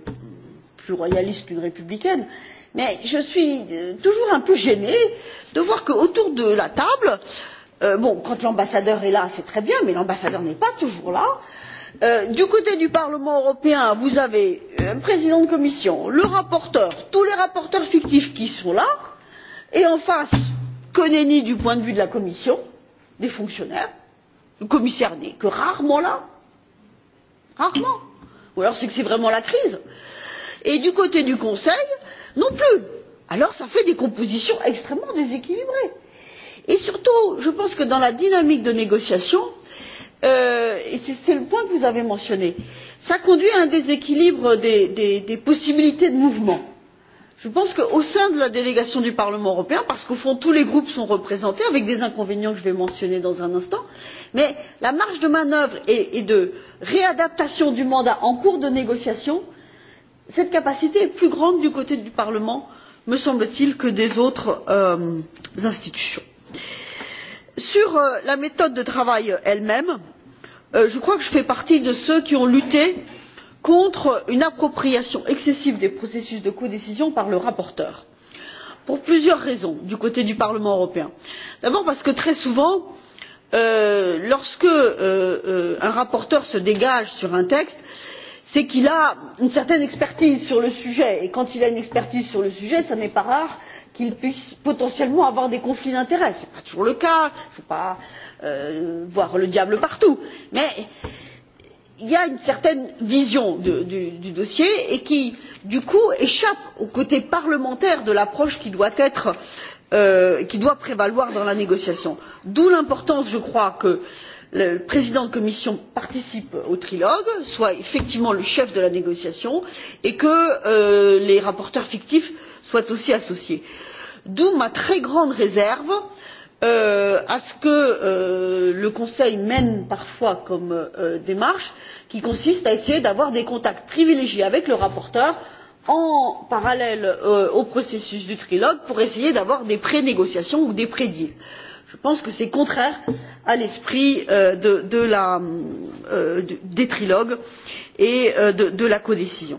plus royaliste qu'une républicaine, mais je suis euh, toujours un peu gênée de voir qu'autour de la table, euh, bon, quand l'ambassadeur est là, c'est très bien, mais l'ambassadeur n'est pas toujours là. Euh, du côté du Parlement européen, vous avez euh, un président de commission, le rapporteur, tous les rapporteurs fictifs qui sont là, et en face, Koneni du point de vue de la commission, des fonctionnaires, le commissaire n'est que rarement là rarement ou alors c'est que c'est vraiment la crise et du côté du conseil non plus. alors cela fait des compositions extrêmement déséquilibrées. et surtout je pense que dans la dynamique de négociation euh, et c'est le point que vous avez mentionné cela conduit à un déséquilibre des, des, des possibilités de mouvement je pense qu'au sein de la délégation du parlement européen parce qu'au fond tous les groupes sont représentés avec des inconvénients que je vais mentionner dans un instant la marge de manœuvre et de réadaptation du mandat en cours de négociation cette capacité est plus grande du côté du parlement me semble t il que des autres euh, institutions. sur euh, la méthode de travail elle même euh, je crois que je fais partie de ceux qui ont lutté contre contre une appropriation excessive des processus de codécision par le rapporteur pour plusieurs raisons du côté du parlement européen. d'abord parce que très souvent euh, lorsqu'un euh, euh, rapporteur se dégage sur un texte c'est qu'il a une certaine expertise sur le sujet et quand il a une expertise sur le sujet il n'est pas rare qu'il puisse potentiellement avoir des conflits d'intérêts. ce n'est pas toujours le cas il ne faut pas voir le diable partout mais y a une certaine vision de, du, du dossier et qui du coup échappe au côté parlementaire de l'approche qui doit être euh, qui doit prévaloir dans la négociation d'où l'importance je crois que le président de la commission participe au trilogue soit effectivement le chef de la négociation et que euh, les rapporteurs fictifs soient aussi associés d'où ma très grande réserve sur Euh, à ce que euh, le conseil mène parfois comme euh, démarche qui consiste à essayer d'avoir des contacts privilégiés avec le rapporteur en parallèle au processus du trilogue pour essayer d'avoir des prénégociations ou des prédeals. je pense que c'est contraire à l'esprit des trilogues et de la codécision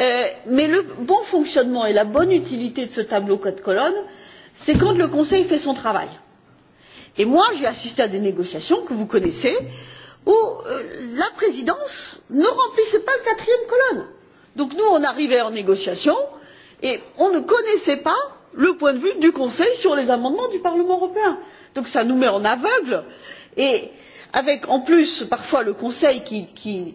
Euh, mais le bon fonctionnement et la bonne utilité de ce tableau code colonne c'est quand le conseil fait son travail. et moi j'ai assisté à des négociations que vous connaissez où euh, la présidence ne remplissait pas la quatrième colonne. donc nous on arrivait en négociation et on ne connaissait pas le point de vue du conseil sur les amendements du parlement européen. donc cela nous met en aveugle et avec en plus parfois le conseil qui, qui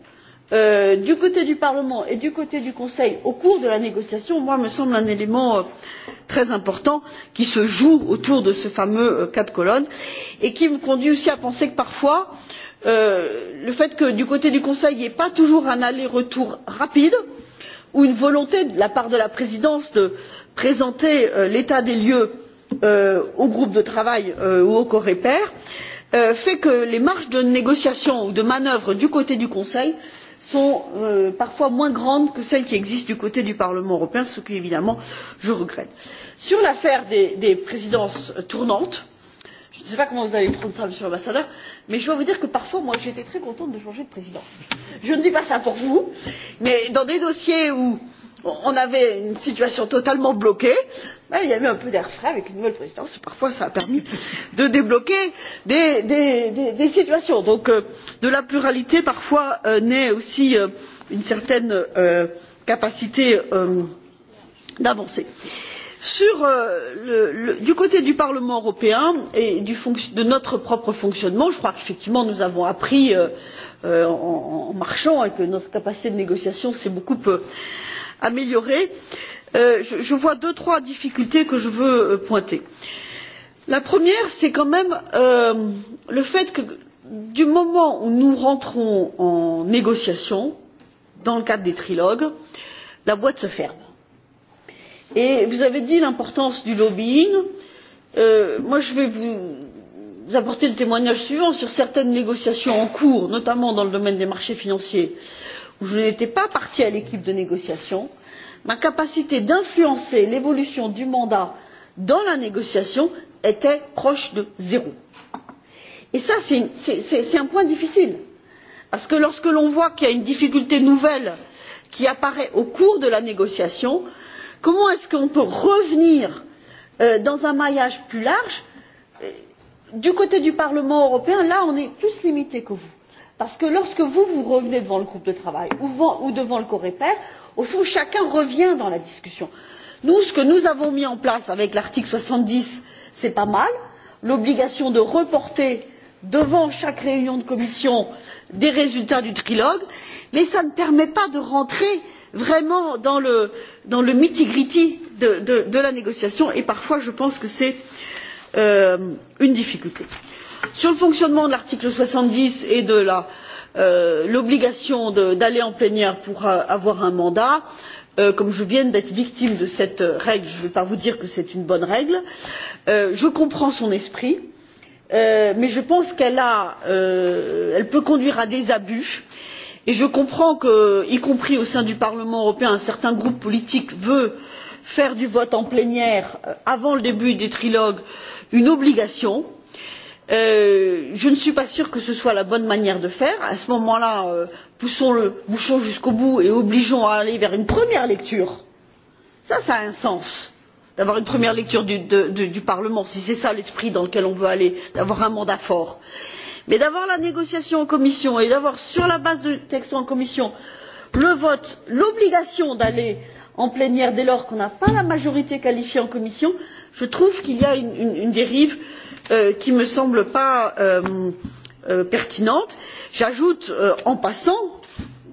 euh, du côté du parlement et du côté du conseil au cours de la négociation me semble un élément euh, très important qui se joue autour de ce fameux quatre euh, colonnes et qui me conduit aussi à penser que parfois euh, le fait que du côté du conseil il n'y ait pas toujours un aller retour rapide ou une volonté de la part de la présidence de présenter euh, l'état des lieux euh, au groupe de travail ou au coreper fait que les marges de négociation ou de manœuvre du côté du conseil sont euh, parfois moins grandes que celles qui existent du côté du parlement européen ce que évidemment je regrette. sur l'affaire des, des présidences tournantes je ne sais pas comment vous allez prendre cela monsieur l'ambassadeur mais je dois vous dire que parfois j'ai été très contente de changer de présidence. je ne dis pas cela pour vous mais dans des dossiers où on avait une situation totalement bloquée Ah, il y a eu un peu d'air frais avec une nouvelle présidence parfois cela a permis de débloquer des, des, des, des situations. donc euh, de la pluralité parfois euh, naît aussi euh, une certaine capacité d'avancer. du côté du parlement européen et du, de notre propre fonctionnement je crois qu'effectivement nous avons appris en, en marchant et que notre capacité de négociation s'est beaucoup améliorée. mais Euh, je vois deux trois difficultés que je veux euh, pointer. la première c'est quand même euh, le fait que du moment où nous rentrons en négociation dans le cadre des trilogues la boîte se ferme. Et vous avez dit l'importance du lobbying. Euh, moi, je vais vous apporter le témoignage suivant sur certaines négociations en cours, notamment dans le domaine des marchés financiers, où je n'étais pas partie à l'équipe de négociation. Euh, ma capacité d'influencer l'évolution du mandat dans la négociation était proche de zéro. c'est un point difficile parce que lorsque l'on voit qu'il y a une difficulté nouvelle qui apparaît au cours de la négociation comment peut on revenir euh, dans un maillage plus large? Euh, du côté du parlement européen là on est plus limité que vous parce que lorsque vous vous revenez devant le groupe de travail ou devant le coreper au fond chacun revient dans la discussion. nous ce que nous avons mis en place avec l'article soixante dix c'est pas mal l'obligation de reporter devant chaque réunion de commission des résultats du trilogue mais cela ne permet pas de rentrer vraiment dans le, dans le nitty gritty de, de, de la négociation et parfois je pense que c'est euh, une difficulté sur le fonctionnement de l'article soixante dix et de euh, l'obligation d'aller en plénière pour euh, avoir un mandat euh, comme je viens d'être victime de cette règle je ne vais pas vous dire que c'est une bonne règle je comprends son esprit mais je pense qu'elle peut conduire à des abus et je comprends qu'y compris au sein du parlement européen certains groupes politiques veuillent faire du vote en plénière avant le début des trilogues une obligation. Euh, je ne suis pas sûre que ce soit la bonne manière de faire. à ce moment là euh, poussons le bouchon jusqu'au bout et obligeons à aller vers une première lecture. cela a un sens d'avoir une première lecture du, de, du parlement si c'est ça l'esprit dans lequel on veut aller d'avoir un mandat fort. mais d'avoir la négociation en commission et d'avoir sur la base du texte en commission le vote l'obligation d'aller en plénière dès lors qu'on n'a pas la majorité qualifiée en commission je trouve qu'il y a une, une, une dérive euh, Euh, qui ne me semble pas euh, euh, pertinente. j'ajoute en passant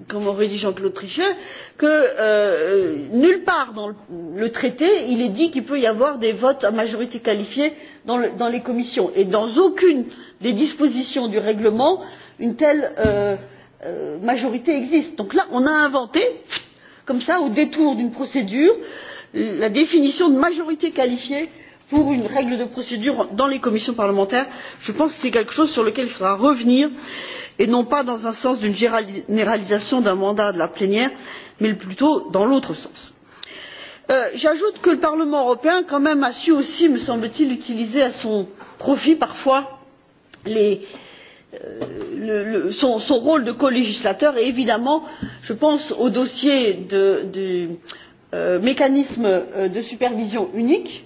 comme aurait dit jean claude trichet que euh, nulle part dans le traité il est dit qu'il peut y avoir des votes à majorité qualifiée dans, le, dans les commissions et dans aucune des dispositions du règlement une telle euh, euh, majorité n'existe. donc là on a inventé comme ça au détour d'une procédure la définition de majorité qualifiée pour une règle de procédure dans les commissions parlementaires je pense que c'est quelque chose sur lequel il faudra revenir et non pas dans un sens d'une généralisation d'un mandat de la plénière mais plutôt dans l'autre sens. Euh, j'ajoute que le parlement européen quand même a su aussi me semble t il utiliser à son profit parfois les, euh, le, le, son, son rôle de colégislateur et évidemment je pense au dossier du euh, mécanisme euh, de supervision unique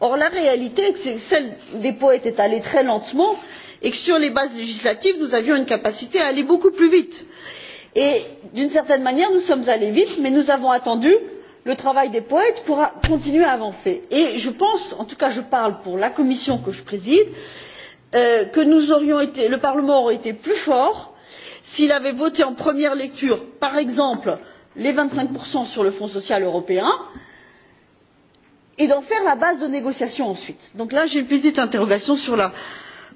or la réalité est que celle des poids est étalée très lentement et que sur les bases législatives nous avions une capacité à aller beaucoup plus vite. d'une certaine manière nous sommes allés vite mais nous avons attendu le travail des poètes pour continuer à avancer et je pense en tout cas je parle pour la commission que je préside euh, que le parlement aurait été plus fort s'il avait voté en première lecture par exemple les vingt cinq sur le fonds social européen et et d'en faire la base de négociation ensuite. donc là j'ai une petite interrogation sur la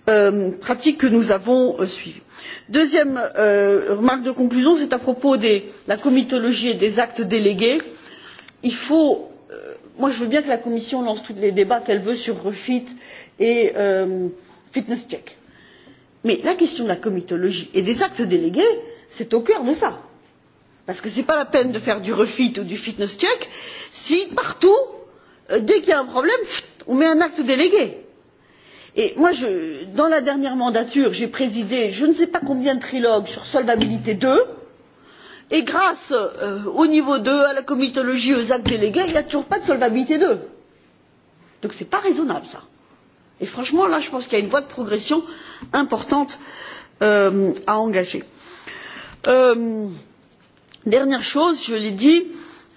euh, pratique que nous avons euh, suivie. deuxième euh, remarque de conclusion c'est à propos de la comitologie et des actes délégués. Moi, je veux bien que la commission lance tous les débats qu'elle veut sur refit et fitness check mais la question de la comitologie et des actes délégués c'est au cœur de cela parce que ce n'est pas la peine de faire du refit ou du fitness check si partout Euh, dès qu'il y a un problème on met un acte délégué. Moi, je, dans la dernière mandature j'ai présidé je ne sais pas combien de trilogues sur solvabilité ii et grâce euh, au niveau ii à la comitologie aux actes délégués il n'y a toujours pas de solvabilité ii. donc ce n'est pas raisonnable ça. et franchement là je pense qu'il y a une voie de progression importante euh, à engager. Euh, dernière chose je l'ai dit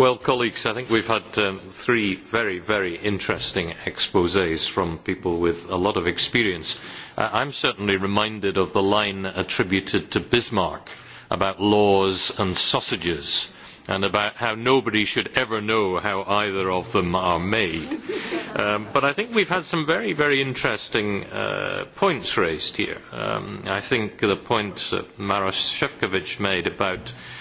Well, colleagues, I think we've had um, three very, very interesting exposés from people with a lot of experience. Uh, I'm certainly reminded of the line attributed to Bismarck about laws and sausages and about how nobody should ever know how either of them are made. Um, but I think we've had some very, very interesting uh, points raised here. Um, I think the point uh, Maros Shevkovich made about uh,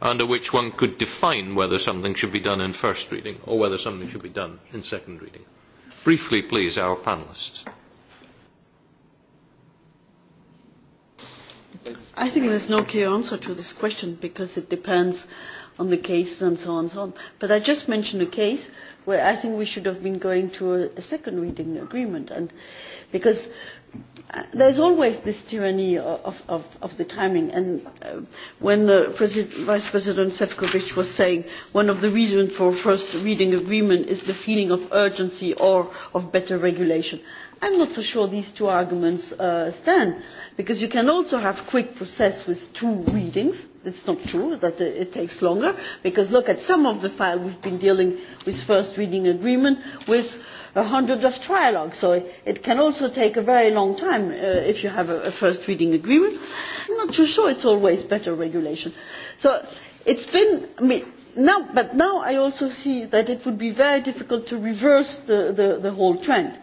under which one could define whether something should be done in first reading or whether something should be done in second reading. Briefly, please, our panellists.
I think there's no clear answer to this question because it depends on the cases and so on and so on. But I just mentioned a case where I think we should have been going to a, a second reading agreement, and because Uh, there's always this tyranny of, of, of the timing. And uh, when uh, President, Vice President Sefcovic was saying one of the reasons for first reading agreement is the feeling of urgency or of better regulation, I'm not so sure these two arguments uh, stand, because you can also have quick process with two readings. It's not true that it takes longer, because look at some of the files we've been dealing with first reading agreement with. Uh, hundreds of trialogues so it can also take a very long time uh, if you have a, a first reading agreement. i am not too sure it is always better regulation. so it has been I mean, now, but now i also see that it would be very difficult to reverse the, the, the whole trend.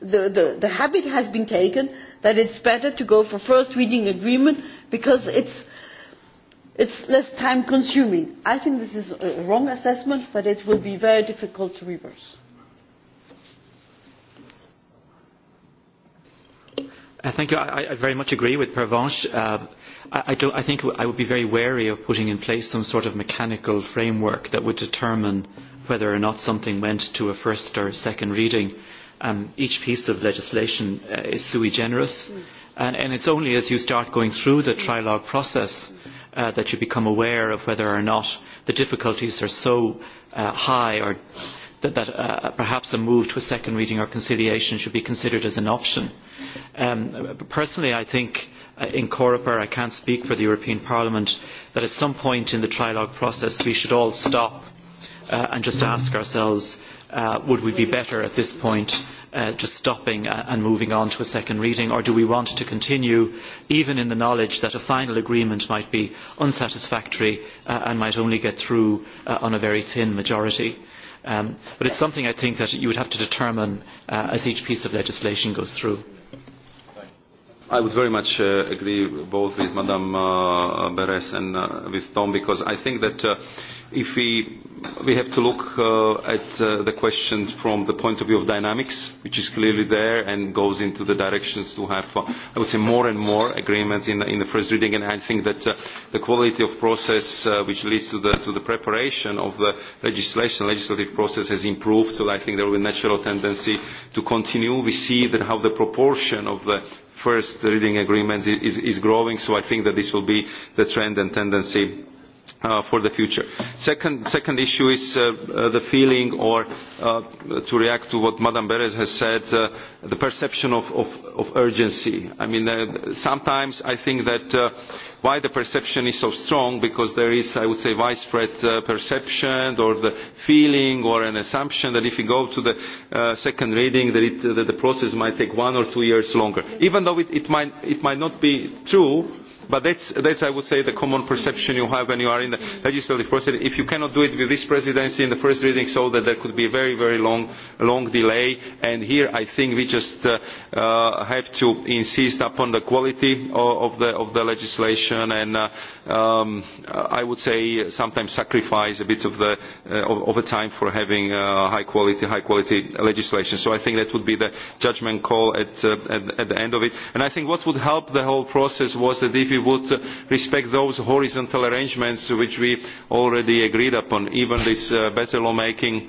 The, the, the habit has been taken that it is better to go for first reading agreement because it is less time consuming. i think this is a wrong assessment but it will be very difficult to reverse.
Uh, thank you. I, I very much agree with Pervenche. Uh, I, I, don't, I think I would be very wary of putting in place some sort of mechanical framework that would determine whether or not something went to a first or second reading. Um, each piece of legislation uh, is sui generis, mm. and, and it's only as you start going through the trilogue process uh, that you become aware of whether or not the difficulties are so uh, high or that, that uh, perhaps a move to a second reading or conciliation should be considered as an option. Um, personally, I think uh, in Coreper, I can't speak for the European Parliament, that at some point in the trilogue process we should all stop uh, and just ask ourselves, uh, would we be better at this point uh, just stopping uh, and moving on to a second reading, or do we want to continue, even in the knowledge that a final agreement might be unsatisfactory uh, and might only get through uh, on a very thin majority? Uh, Um, but it's something I think that you would have to determine uh, as each piece of legislation goes through. Uh,
I would very much uh, agree both with Madame uh, Beres and uh, with Tom because I think that uh, if we, we have to look uh, at uh, the question from the point of view of dynamics, which is clearly there and goes into the directions to have, uh, I would say, more and more agreements in, in the first reading. And I think that uh, the quality of process uh, which leads to the, to the preparation of the legislation, legislative process has improved. So I think there will be a natural tendency to continue. We see that how the proportion of the first reading agreements is, is growing, so I think that this will be the trend and tendency Uh, for the future. Second, second issue is uh, uh, the feeling or uh, to react to what Madame Beres has said, uh, the perception of, of, of urgency. I mean, uh, sometimes I think that uh, why the perception is so strong, because there is, I would say, widespread uh, perception or the feeling or an assumption that if you go to the uh, second reading, that, it, uh, that the process might take one or two years longer. Even though it, it, might, it might not be true, uh, But that's, that's, I would say, the common perception you have when you are in the legislative process. If you cannot do it with this presidency in the first reading, so that there could be a very, very long, long delay. And here I think we just uh, uh, have to insist upon the quality of, of, the, of the legislation and uh, um, I would say sometimes sacrifice a bit of the, uh, of, of the time for having uh, high quality, high quality legislation. So I think that would be the judgment call at, uh, at, at the end of it. And I think what would help the whole process was that if you would respect those horizontal arrangements which we already agreed upon even this uh, better lawmaking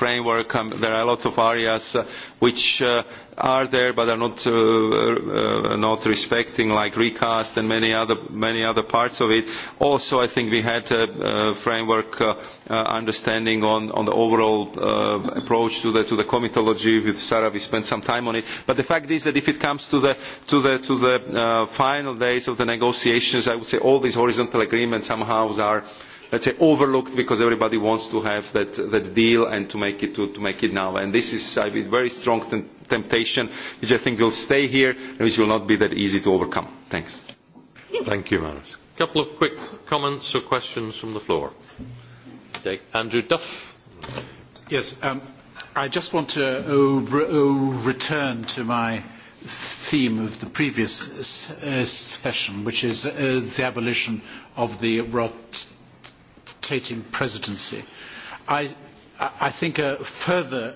framework. Um, there are a lot of areas uh, which uh, are there but are not, uh, uh, not respecting, like recast and many other, many other parts of it. Also, I think we had a, a framework uh, uh, understanding on, on the overall uh, approach to the, to the comitology. With Sarah, we spent some time on it. But the fact is that if it comes to the, to the, to the uh, final days of the negotiations, I would say all these horizontal agreements somehow are uh, let's say overlooked because everybody wants to have that that deal and to make it to, to make it now and this is a very strong t- temptation which i think will stay here and which will not be that easy to overcome thanks thank you Maris.
a couple of quick comments or questions from the floor Take andrew
duff yes um, i just want to uh, re- uh, return to my theme of the previous uh, session, which is uh, the abolition of the rot- rotating presidency. I, I think a further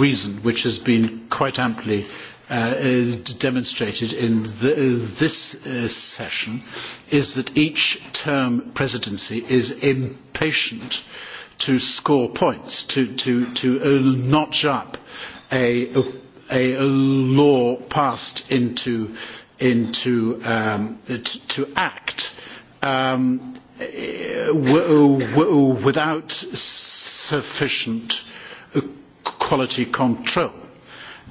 reason, which has been quite amply uh, demonstrated in the, uh, this uh, session, is that each term presidency is impatient to score points, to, to, to uh, notch up a, a, a law passed into, into um, to, to act. Um, without sufficient uh, quality control.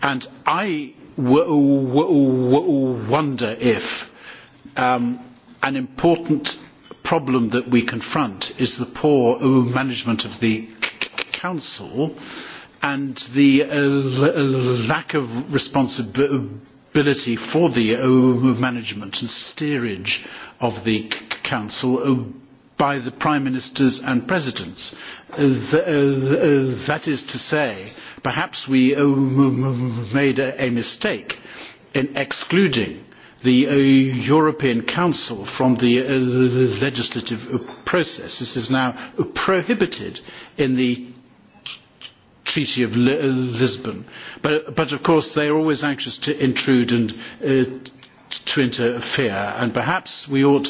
And I wonder if um, an important problem that we confront is the poor uh, management of the council and the uh, lack of responsibility for the uh, management and steerage of the Council uh, by the Prime Ministers and Presidents. Uh, uh, that is to say, perhaps we made a mistake in excluding the uh, European Council from the uh, legislative process. This is now prohibited in the Treaty of Li- Lisbon. But, but of course, they are always anxious to intrude and uh, to interfere, and perhaps we ought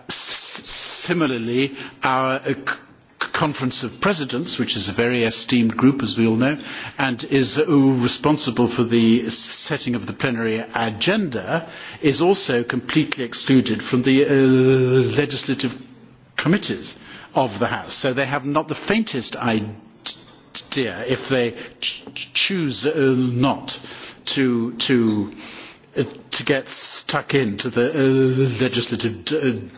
similarly, our uh, Conference of Presidents, which is a very esteemed group, as we all know, and is uh, responsible for the setting of the plenary agenda, is also completely excluded from the uh, legislative committees of the House. So they have not the faintest idea if they ch- choose uh, not to, to, uh, to get stuck into the uh, legislative. D- uh,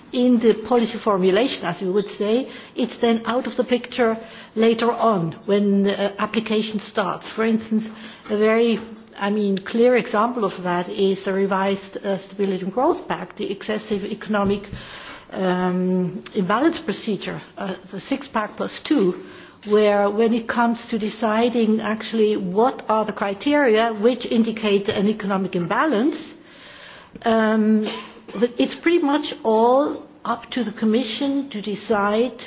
in the policy formulation, as you would say, it's then out of the picture later on when the uh, application starts. For instance, a very I mean, clear example of that is the revised uh, Stability and Growth Pact, the excessive economic um, imbalance procedure, uh, the six pack plus two, where when it comes to deciding actually what are the criteria which indicate an economic imbalance, um, it's pretty much all up to the Commission to decide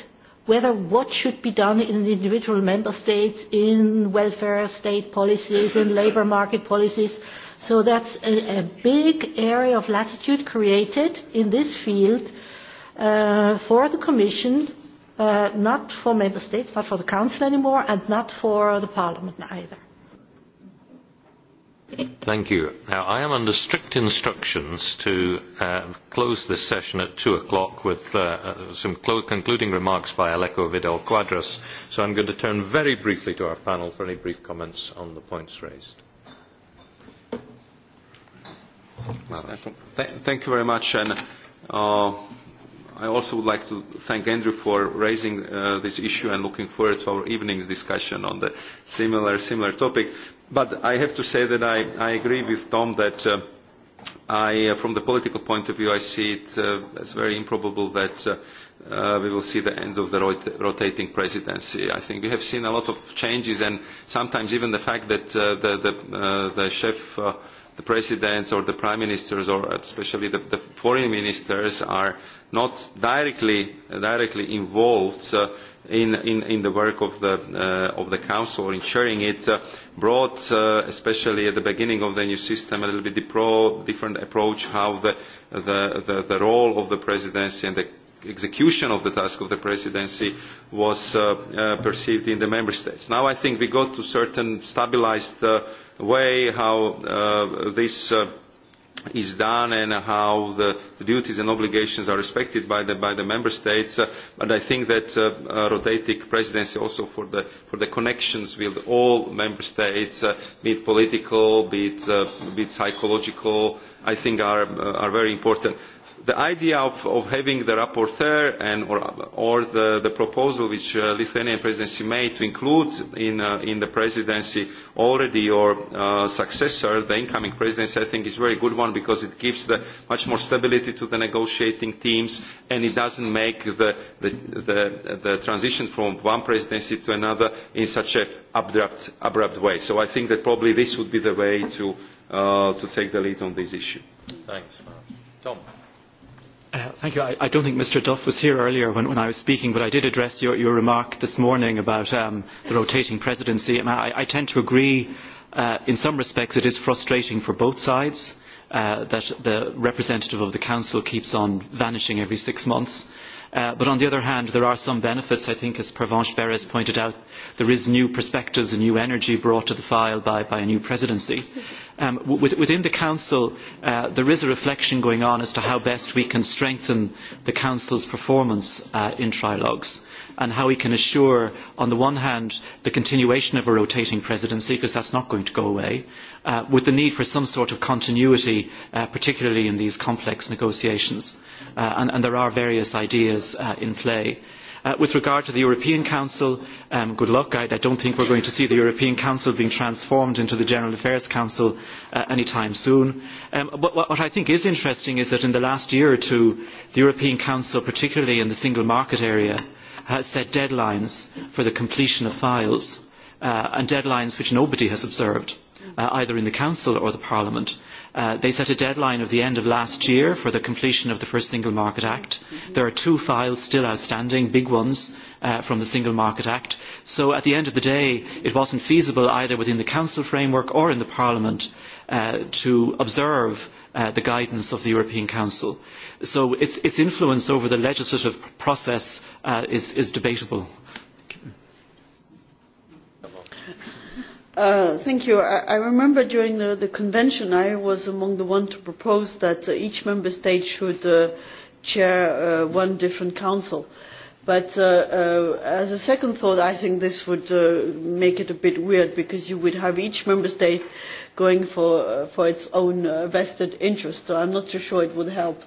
whether what should be done in the individual member states in welfare state policies and labour market policies. So that's a, a big area of latitude created in this field uh, for the Commission, uh, not for member states, not for the Council anymore, and not for the Parliament either.
Thank you. Now, I am under strict instructions to uh, close this session at 2 o'clock with uh, uh, some clo- concluding remarks by Aleko Vidal Quadras, so I'm going to turn very briefly to our panel for any brief comments on the points raised.
Th- thank you very much. And, uh, I also would like to thank Andrew for raising uh, this issue and looking forward to our evening's discussion on the similar similar topic. But I have to say that I, I agree with Tom that uh, I, uh, from the political point of view, I see it uh, as very improbable that uh, uh, we will see the end of the rot rotating presidency. I think we have seen a lot of changes, and sometimes even the fact that uh, the, the, uh, the chef, uh, the presidents, or the prime ministers, or especially the, the foreign ministers, are not directly, directly involved. Uh, in, in, in the work of the, uh, of the Council, in sharing it, uh, brought, uh, especially at the beginning of the new system, a little bit dipro- different approach how the, the, the, the role of the Presidency and the execution of the task of the presidency was uh, uh, perceived in the member states. Now I think we got to a certain stabilized uh, way how uh, this uh, is done and how the, the duties and obligations are respected by the, by the member states. Uh, but I think that uh, uh, rotating presidency also for the, for the connections with all member states, uh, be it political, be it, uh, be it psychological, I think are, uh, are very important. Uh, the idea of, of having the rapporteur and or, or the, the proposal which uh, Lithuanian presidency made to include in, uh, in the presidency already your uh, successor, the incoming presidency, I think is a very good one because it gives the much more stability to the negotiating teams and it doesn't make the, the, the, the transition from one presidency to another in such an abrupt, abrupt way. So I think that probably this would be the way to, uh, to take the lead on this issue. Thanks, Mark. Tom.
Uh, thank you. I, I don't think Mr Duff was here earlier when, when I was speaking, but I did address your, your remark this morning about um, the rotating presidency, and I, I tend to agree uh, in some respects it is frustrating for both sides uh, that the representative of the Council keeps on vanishing every six months. Uh, but on the other hand, there are some benefits, I think, as Pervenche Beres pointed out. There is new perspectives and new energy brought to the file by, by a new presidency um, w- within the Council, uh, there is a reflection going on as to how best we can strengthen the Council's performance uh, in trilogues and how we can assure, on the one hand, the continuation of a rotating presidency, because that's not going to go away, uh, with the need for some sort of continuity, uh, particularly in these complex negotiations. Uh, and, and there are various ideas uh, in play. Uh, Uh, with regard to the European Council, um, good luck. I, I don't think we're going to see the European Council being transformed into the General Affairs Council uh, anytime soon. Um, but what, what I think is interesting is that in the last year or two, the European Council, particularly in the single market area, has set deadlines for the completion of files, uh, and deadlines which nobody has observed, uh, either in the Council or the Parliament. Uh, Uh, they set a deadline of the end of last year for the completion of the first Single Market Act. There are two files still outstanding, big ones, uh, from the Single Market Act. So at the end of the day, it wasn't feasible either within the Council framework or in the Parliament uh, to observe uh, the guidance of the European Council. So its, its influence over the legislative process uh, is, is debatable
Uh, thank you. I, I remember during the, the convention I was among the ones to propose that uh, each member state should uh, chair uh, one different council. But uh, uh, as a second thought, I think this would uh, make it a bit weird because you would have each member state going for, uh, for its own uh, vested interest. So I'm not so sure it would help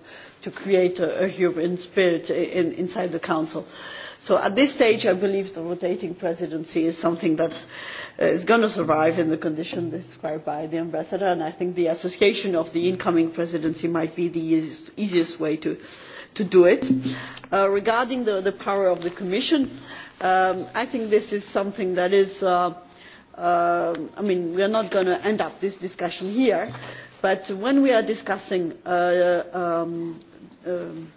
to create a, a human spirit in, inside the council. So at this stage, I believe the rotating presidency is something that's uh, Uh, is going to survive in the condition described by the ambassador and i think the association of the incoming presidency might be the easiest, easiest way to, to do it. Uh, regarding the, the power of the commission um, i think this is something that is uh, uh, i mean we are not going to end up this discussion here but when we are discussing uh, um, um,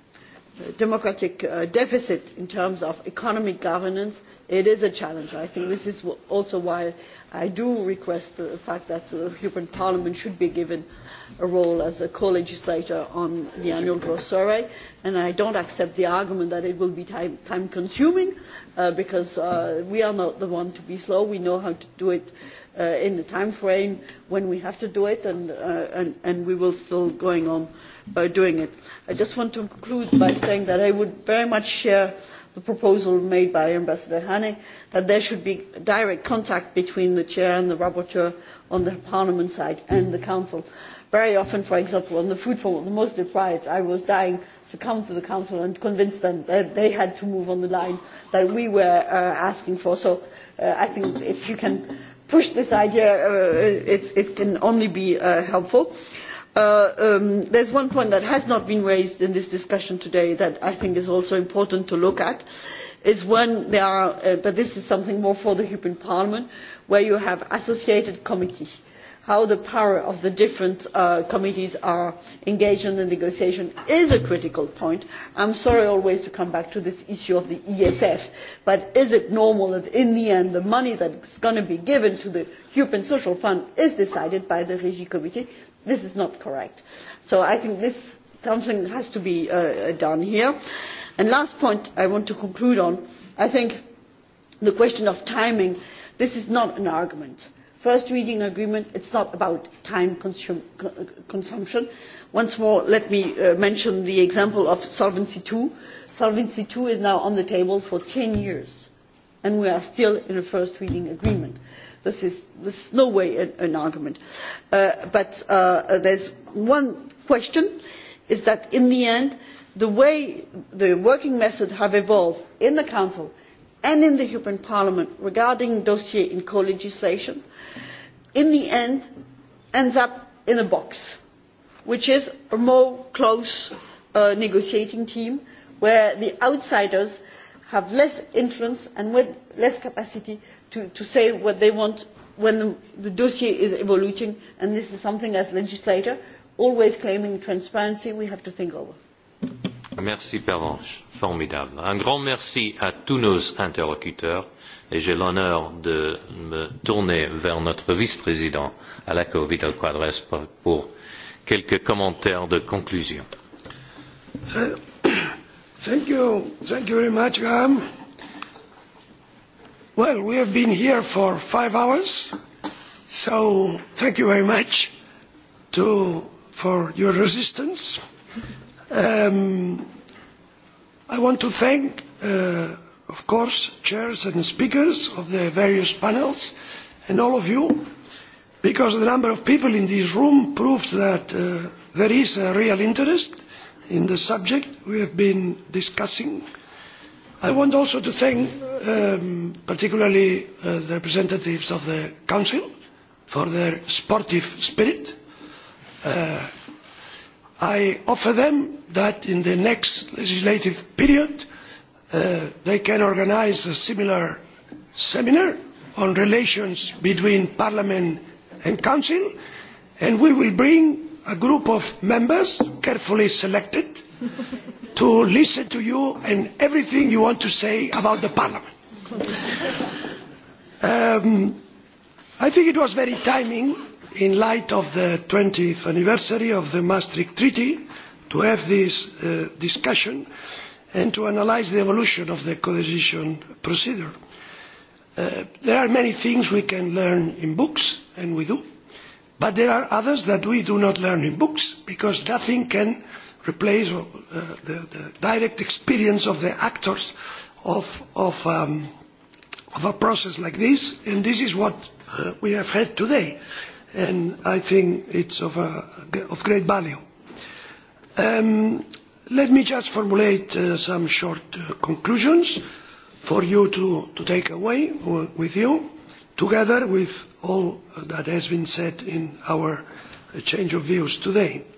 democratic uh, deficit in terms of economic governance, it is a challenge. I think this is also why I do request the fact that the European Parliament should be given a role as a co-legislator on the annual growth survey, and I don't accept the argument that it will be time-consuming, time, time consuming, uh, because uh, we are not the one to be slow. We know how to do it uh, in the time frame when we have to do it, and, uh, and, and we will still going on uh, uh, doing it. I just want to conclude by saying that I would very much share the proposal made by Ambassador Hane that there should be direct contact between the chair and the rapporteur on the parliament side and the council. Very often, for example, on the food for the most deprived, I was dying to come to the council and convince them that they had to move on the line that we were uh, asking for. So uh, I think if you can push this idea, uh, it, it can only be uh, helpful. Uh, Uh, um, there is one point that has not been raised in this discussion today that i think is also important to look at are, uh, but this is something more for the european parliament where you have associated committees how the power of the different uh, committees are engaged in the negotiation is a critical point. i am sorry always to come back to this issue of the esf but is it normal that in the end the money that is going to be given to the european social fund is decided by the regi committee? this is not correct. so i think this something has to be uh, uh, done here. and last point i want to conclude on i think the question of timing this is not an argument. first reading agreement it's not about time consum consumption. once more let me uh, mention the example of solvency ii. solvency ii is now on the table for ten years and we are still in a first reading agreement. Mm -hmm this is in no way an, an argument. Uh, but uh, there is one question that in the end the way the working methods have evolved in the council and in the european parliament regarding dossiers in co legislation in the end ends up in a box which is a more close uh, negotiating team where the outsiders have less influence and less capacity to, to say what they want when the, the dossier is evolving, and this is something as legislator, always claiming transparency, we have to think over.
Merci Pervenche, formidable. Un grand merci à tous nos interlocuteurs et j'ai l'honneur de me tourner vers notre vice-président Alaco Vidal Quadres pour quelques commentaires de conclusion.
Thank you. Thank you very much, Graham. Well, we have been here for five hours, so thank you very much to, for your resistance. Um, I want to thank, uh, of course, chairs and speakers of the various panels and all of you, because the number of people in this room proves that uh, there is a real interest in the subject we have been discussing i want also to thank um, particularly uh, the representatives of the council for their sportive spirit. Uh, i offer them that in the next legislative period uh, they can organise a similar seminar on relations between parliament and council and we will bring a group of members carefully selected to listen to you and everything you want to say about parliament. Um, i think it was very timely in light of the twentieth anniversary of the maastricht treaty to have this uh, discussion and to analyse the evolution of the codecision procedure. Uh, there are many things we can learn in books and we do but there are others that we do not learn in books because nothing can replace uh, the, the direct experience of the actors of, of, um, of a process like this, and this is what uh, we have had today, and I think it's of, a, uh, of great value. Um, let me just formulate uh, some short uh, conclusions for you to, to take away uh, with you, together with all that has been said in our exchange uh, of views today. Uh,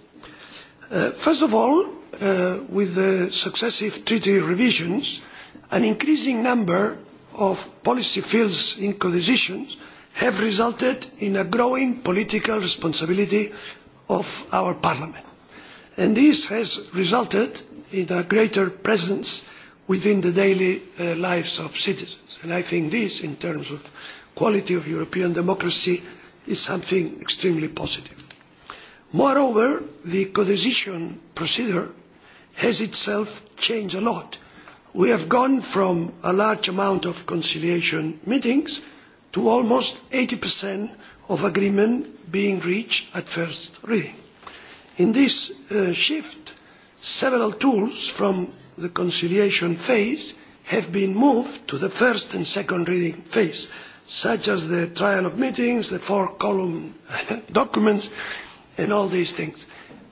Uh, first of all, uh, with the successive treaty revisions, an increasing number of policy fields in codecision have resulted in a growing political responsibility of our parliament and this has resulted in a greater presence within the daily uh, lives of citizens and i think this in terms of quality of european democracy is something extremely positive moreover the codecision procedure has itself changed a lot. we have gone from a large amount of conciliation meetings to almost eighty of agreement being reached at first reading. in this uh, shift several tools from the conciliation phase have been moved to the first and second reading phase such as the trialogue meetings the four column documents and all these things.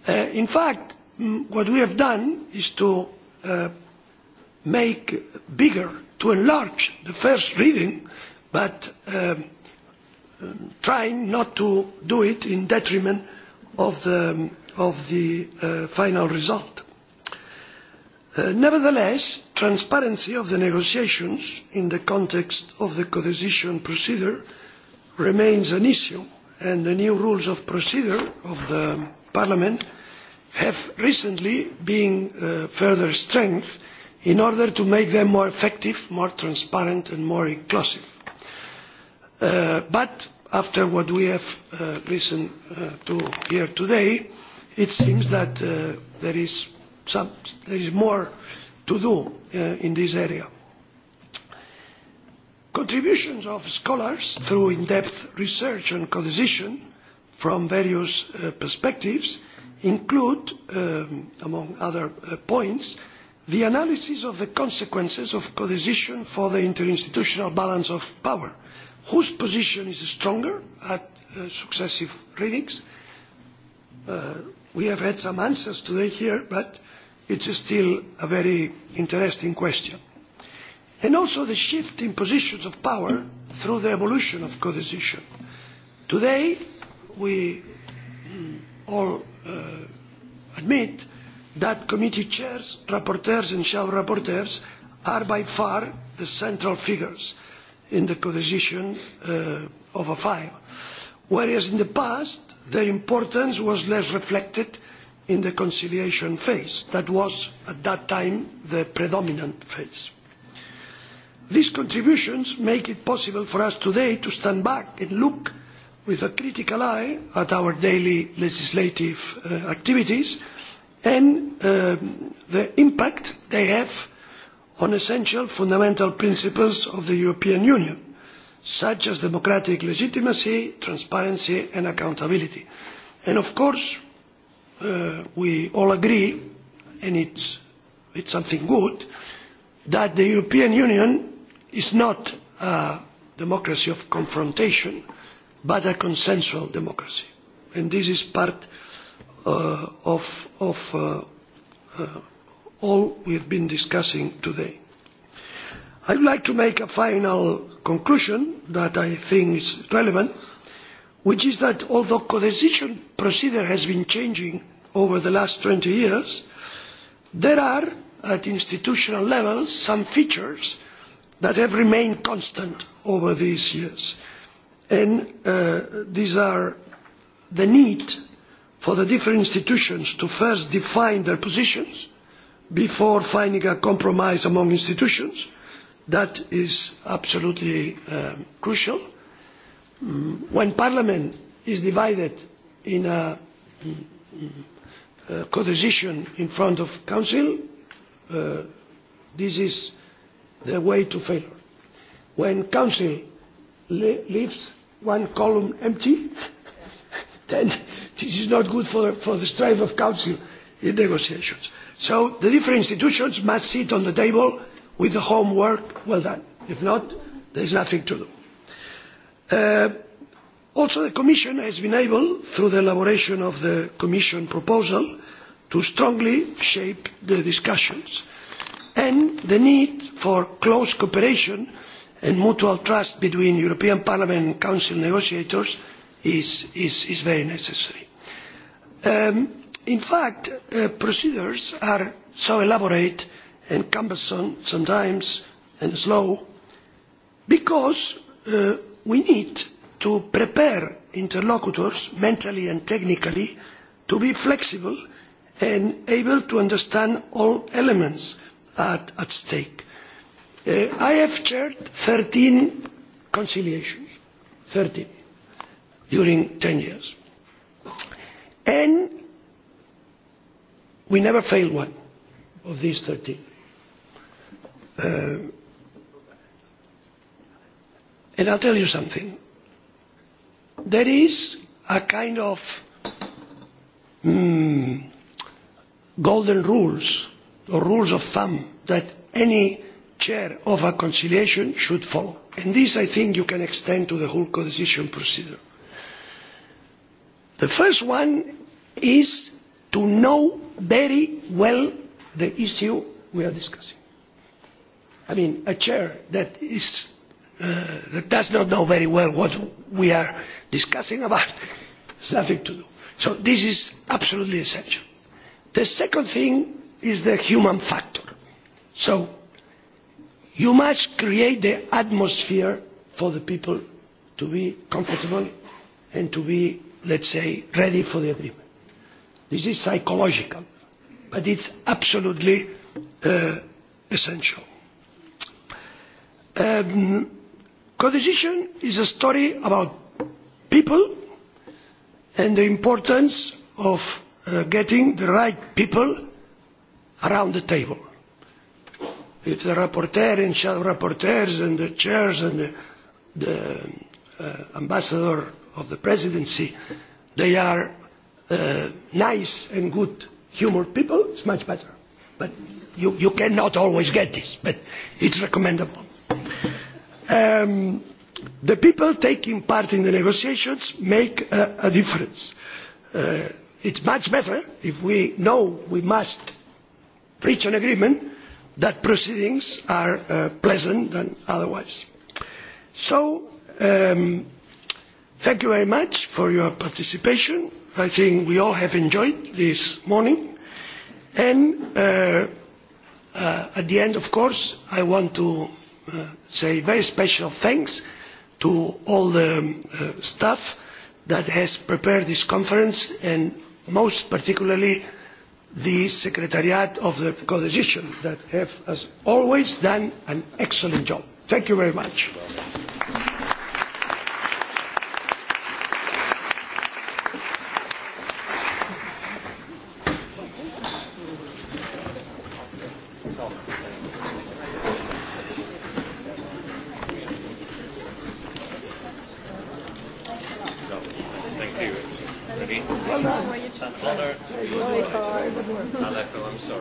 Uh, in fact, what we have done is to uh, make bigger, to enlarge the first reading, but um, um trying not to do it in detriment of the, um, of the uh, final result. Uh, nevertheless, transparency of the negotiations in the context of the codecision procedure remains an issue and the new rules of procedure of the parliament have recently been uh, further strengthened in order to make them more effective more transparent and more inclusive. Uh, but after what we have uh, listened uh, to here today it seems that uh, there is, some, there is more to do uh, in this area Contributions of scholars through in-depth research and codecision from various uh, perspectives include, um, among other uh, points, the analysis of the consequences of codecision for the interinstitutional balance of power, whose position is stronger at uh, successive readings. Uh, we have had some answers today here, but it's still a very interesting question and also the shift in positions of power through the evolution of codecision. Today, we mm, all uh, admit that committee chairs, rapporteurs and shadow rapporteurs are by far the central figures in the codecision uh, of a file, whereas in the past their importance was less reflected in the conciliation phase. That was at that time the predominant phase these contributions make it possible for us today to stand back and look with a critical eye at our daily legislative uh, activities and um, the impact they have on essential fundamental principles of the european union such as democratic legitimacy transparency and accountability. and of course uh, we all agree and it is something good that the european union is not a democracy of confrontation but a consensual democracy and this is part uh, of, of uh, uh, all we have been discussing today. I would like to make a final conclusion that I think is relevant, which is that although codecision procedure has been changing over the last 20 years, there are at institutional level some features that have remained constant over these years and uh, these are the need for the different institutions to first define their positions before finding a compromise among institutions. That is absolutely um, crucial. Mm, when Parliament is divided in a, a uh, co-decision in front of Council, uh, this is the way to failure. When Council le leaves one column empty, then this is not good for, for the strive of Council in negotiations. So the different institutions must sit on the table with the homework well done. If not, there is nothing to do. Uh, also, the Commission has been able, through the elaboration of the Commission proposal, to strongly shape the discussions and the need for close cooperation and mutual trust between the european parliament and council negotiators is, is, is very necessary. Um, in fact uh, procedures are so elaborate and cumbersome sometimes and slow because uh, we need to prepare interlocutors mentally and technically to be flexible and able to understand all elements at, at stake. Uh, I have chaired 13 conciliations, 13, during 10 years. And we never failed one of these 13. Uh, and I'll tell you something. There is a kind of mm, golden rules or rules of thumb that any chair of a conciliation should follow and this i think you can extend to the whole codecision procedure. the first one is to know very well the issue we are discussing. i mean a chair that is uh, that does not know very well what we are discussing about has nothing to do. so this is absolutely essential. the second thing is the human factor. So you must create the atmosphere for the people to be comfortable and to be, let's say, ready for the agreement. This is psychological, but it's absolutely uh, essential. Um, co-decision is a story about people and the importance of uh, getting the right people around the table. If the rapporteur and shadow rapporteurs and the chairs and the, the uh, ambassador of the presidency, they are uh, nice and good humor people, it's much better. But you, you cannot always get this, but it's recommendable. Um, the people taking part in the negotiations make a, a difference. Uh, it's much better if we know we must reach an agreement that proceedings are uh, pleasant and otherwise. so um, thank you very much for your participation. i think we all have enjoyed this morning and uh, uh, at the end of course i want to uh, say very special thanks to all the um, uh, staff that has prepared this conference and most particularly the secretariat of the codecision that have as always done an excellent job. thank you very much.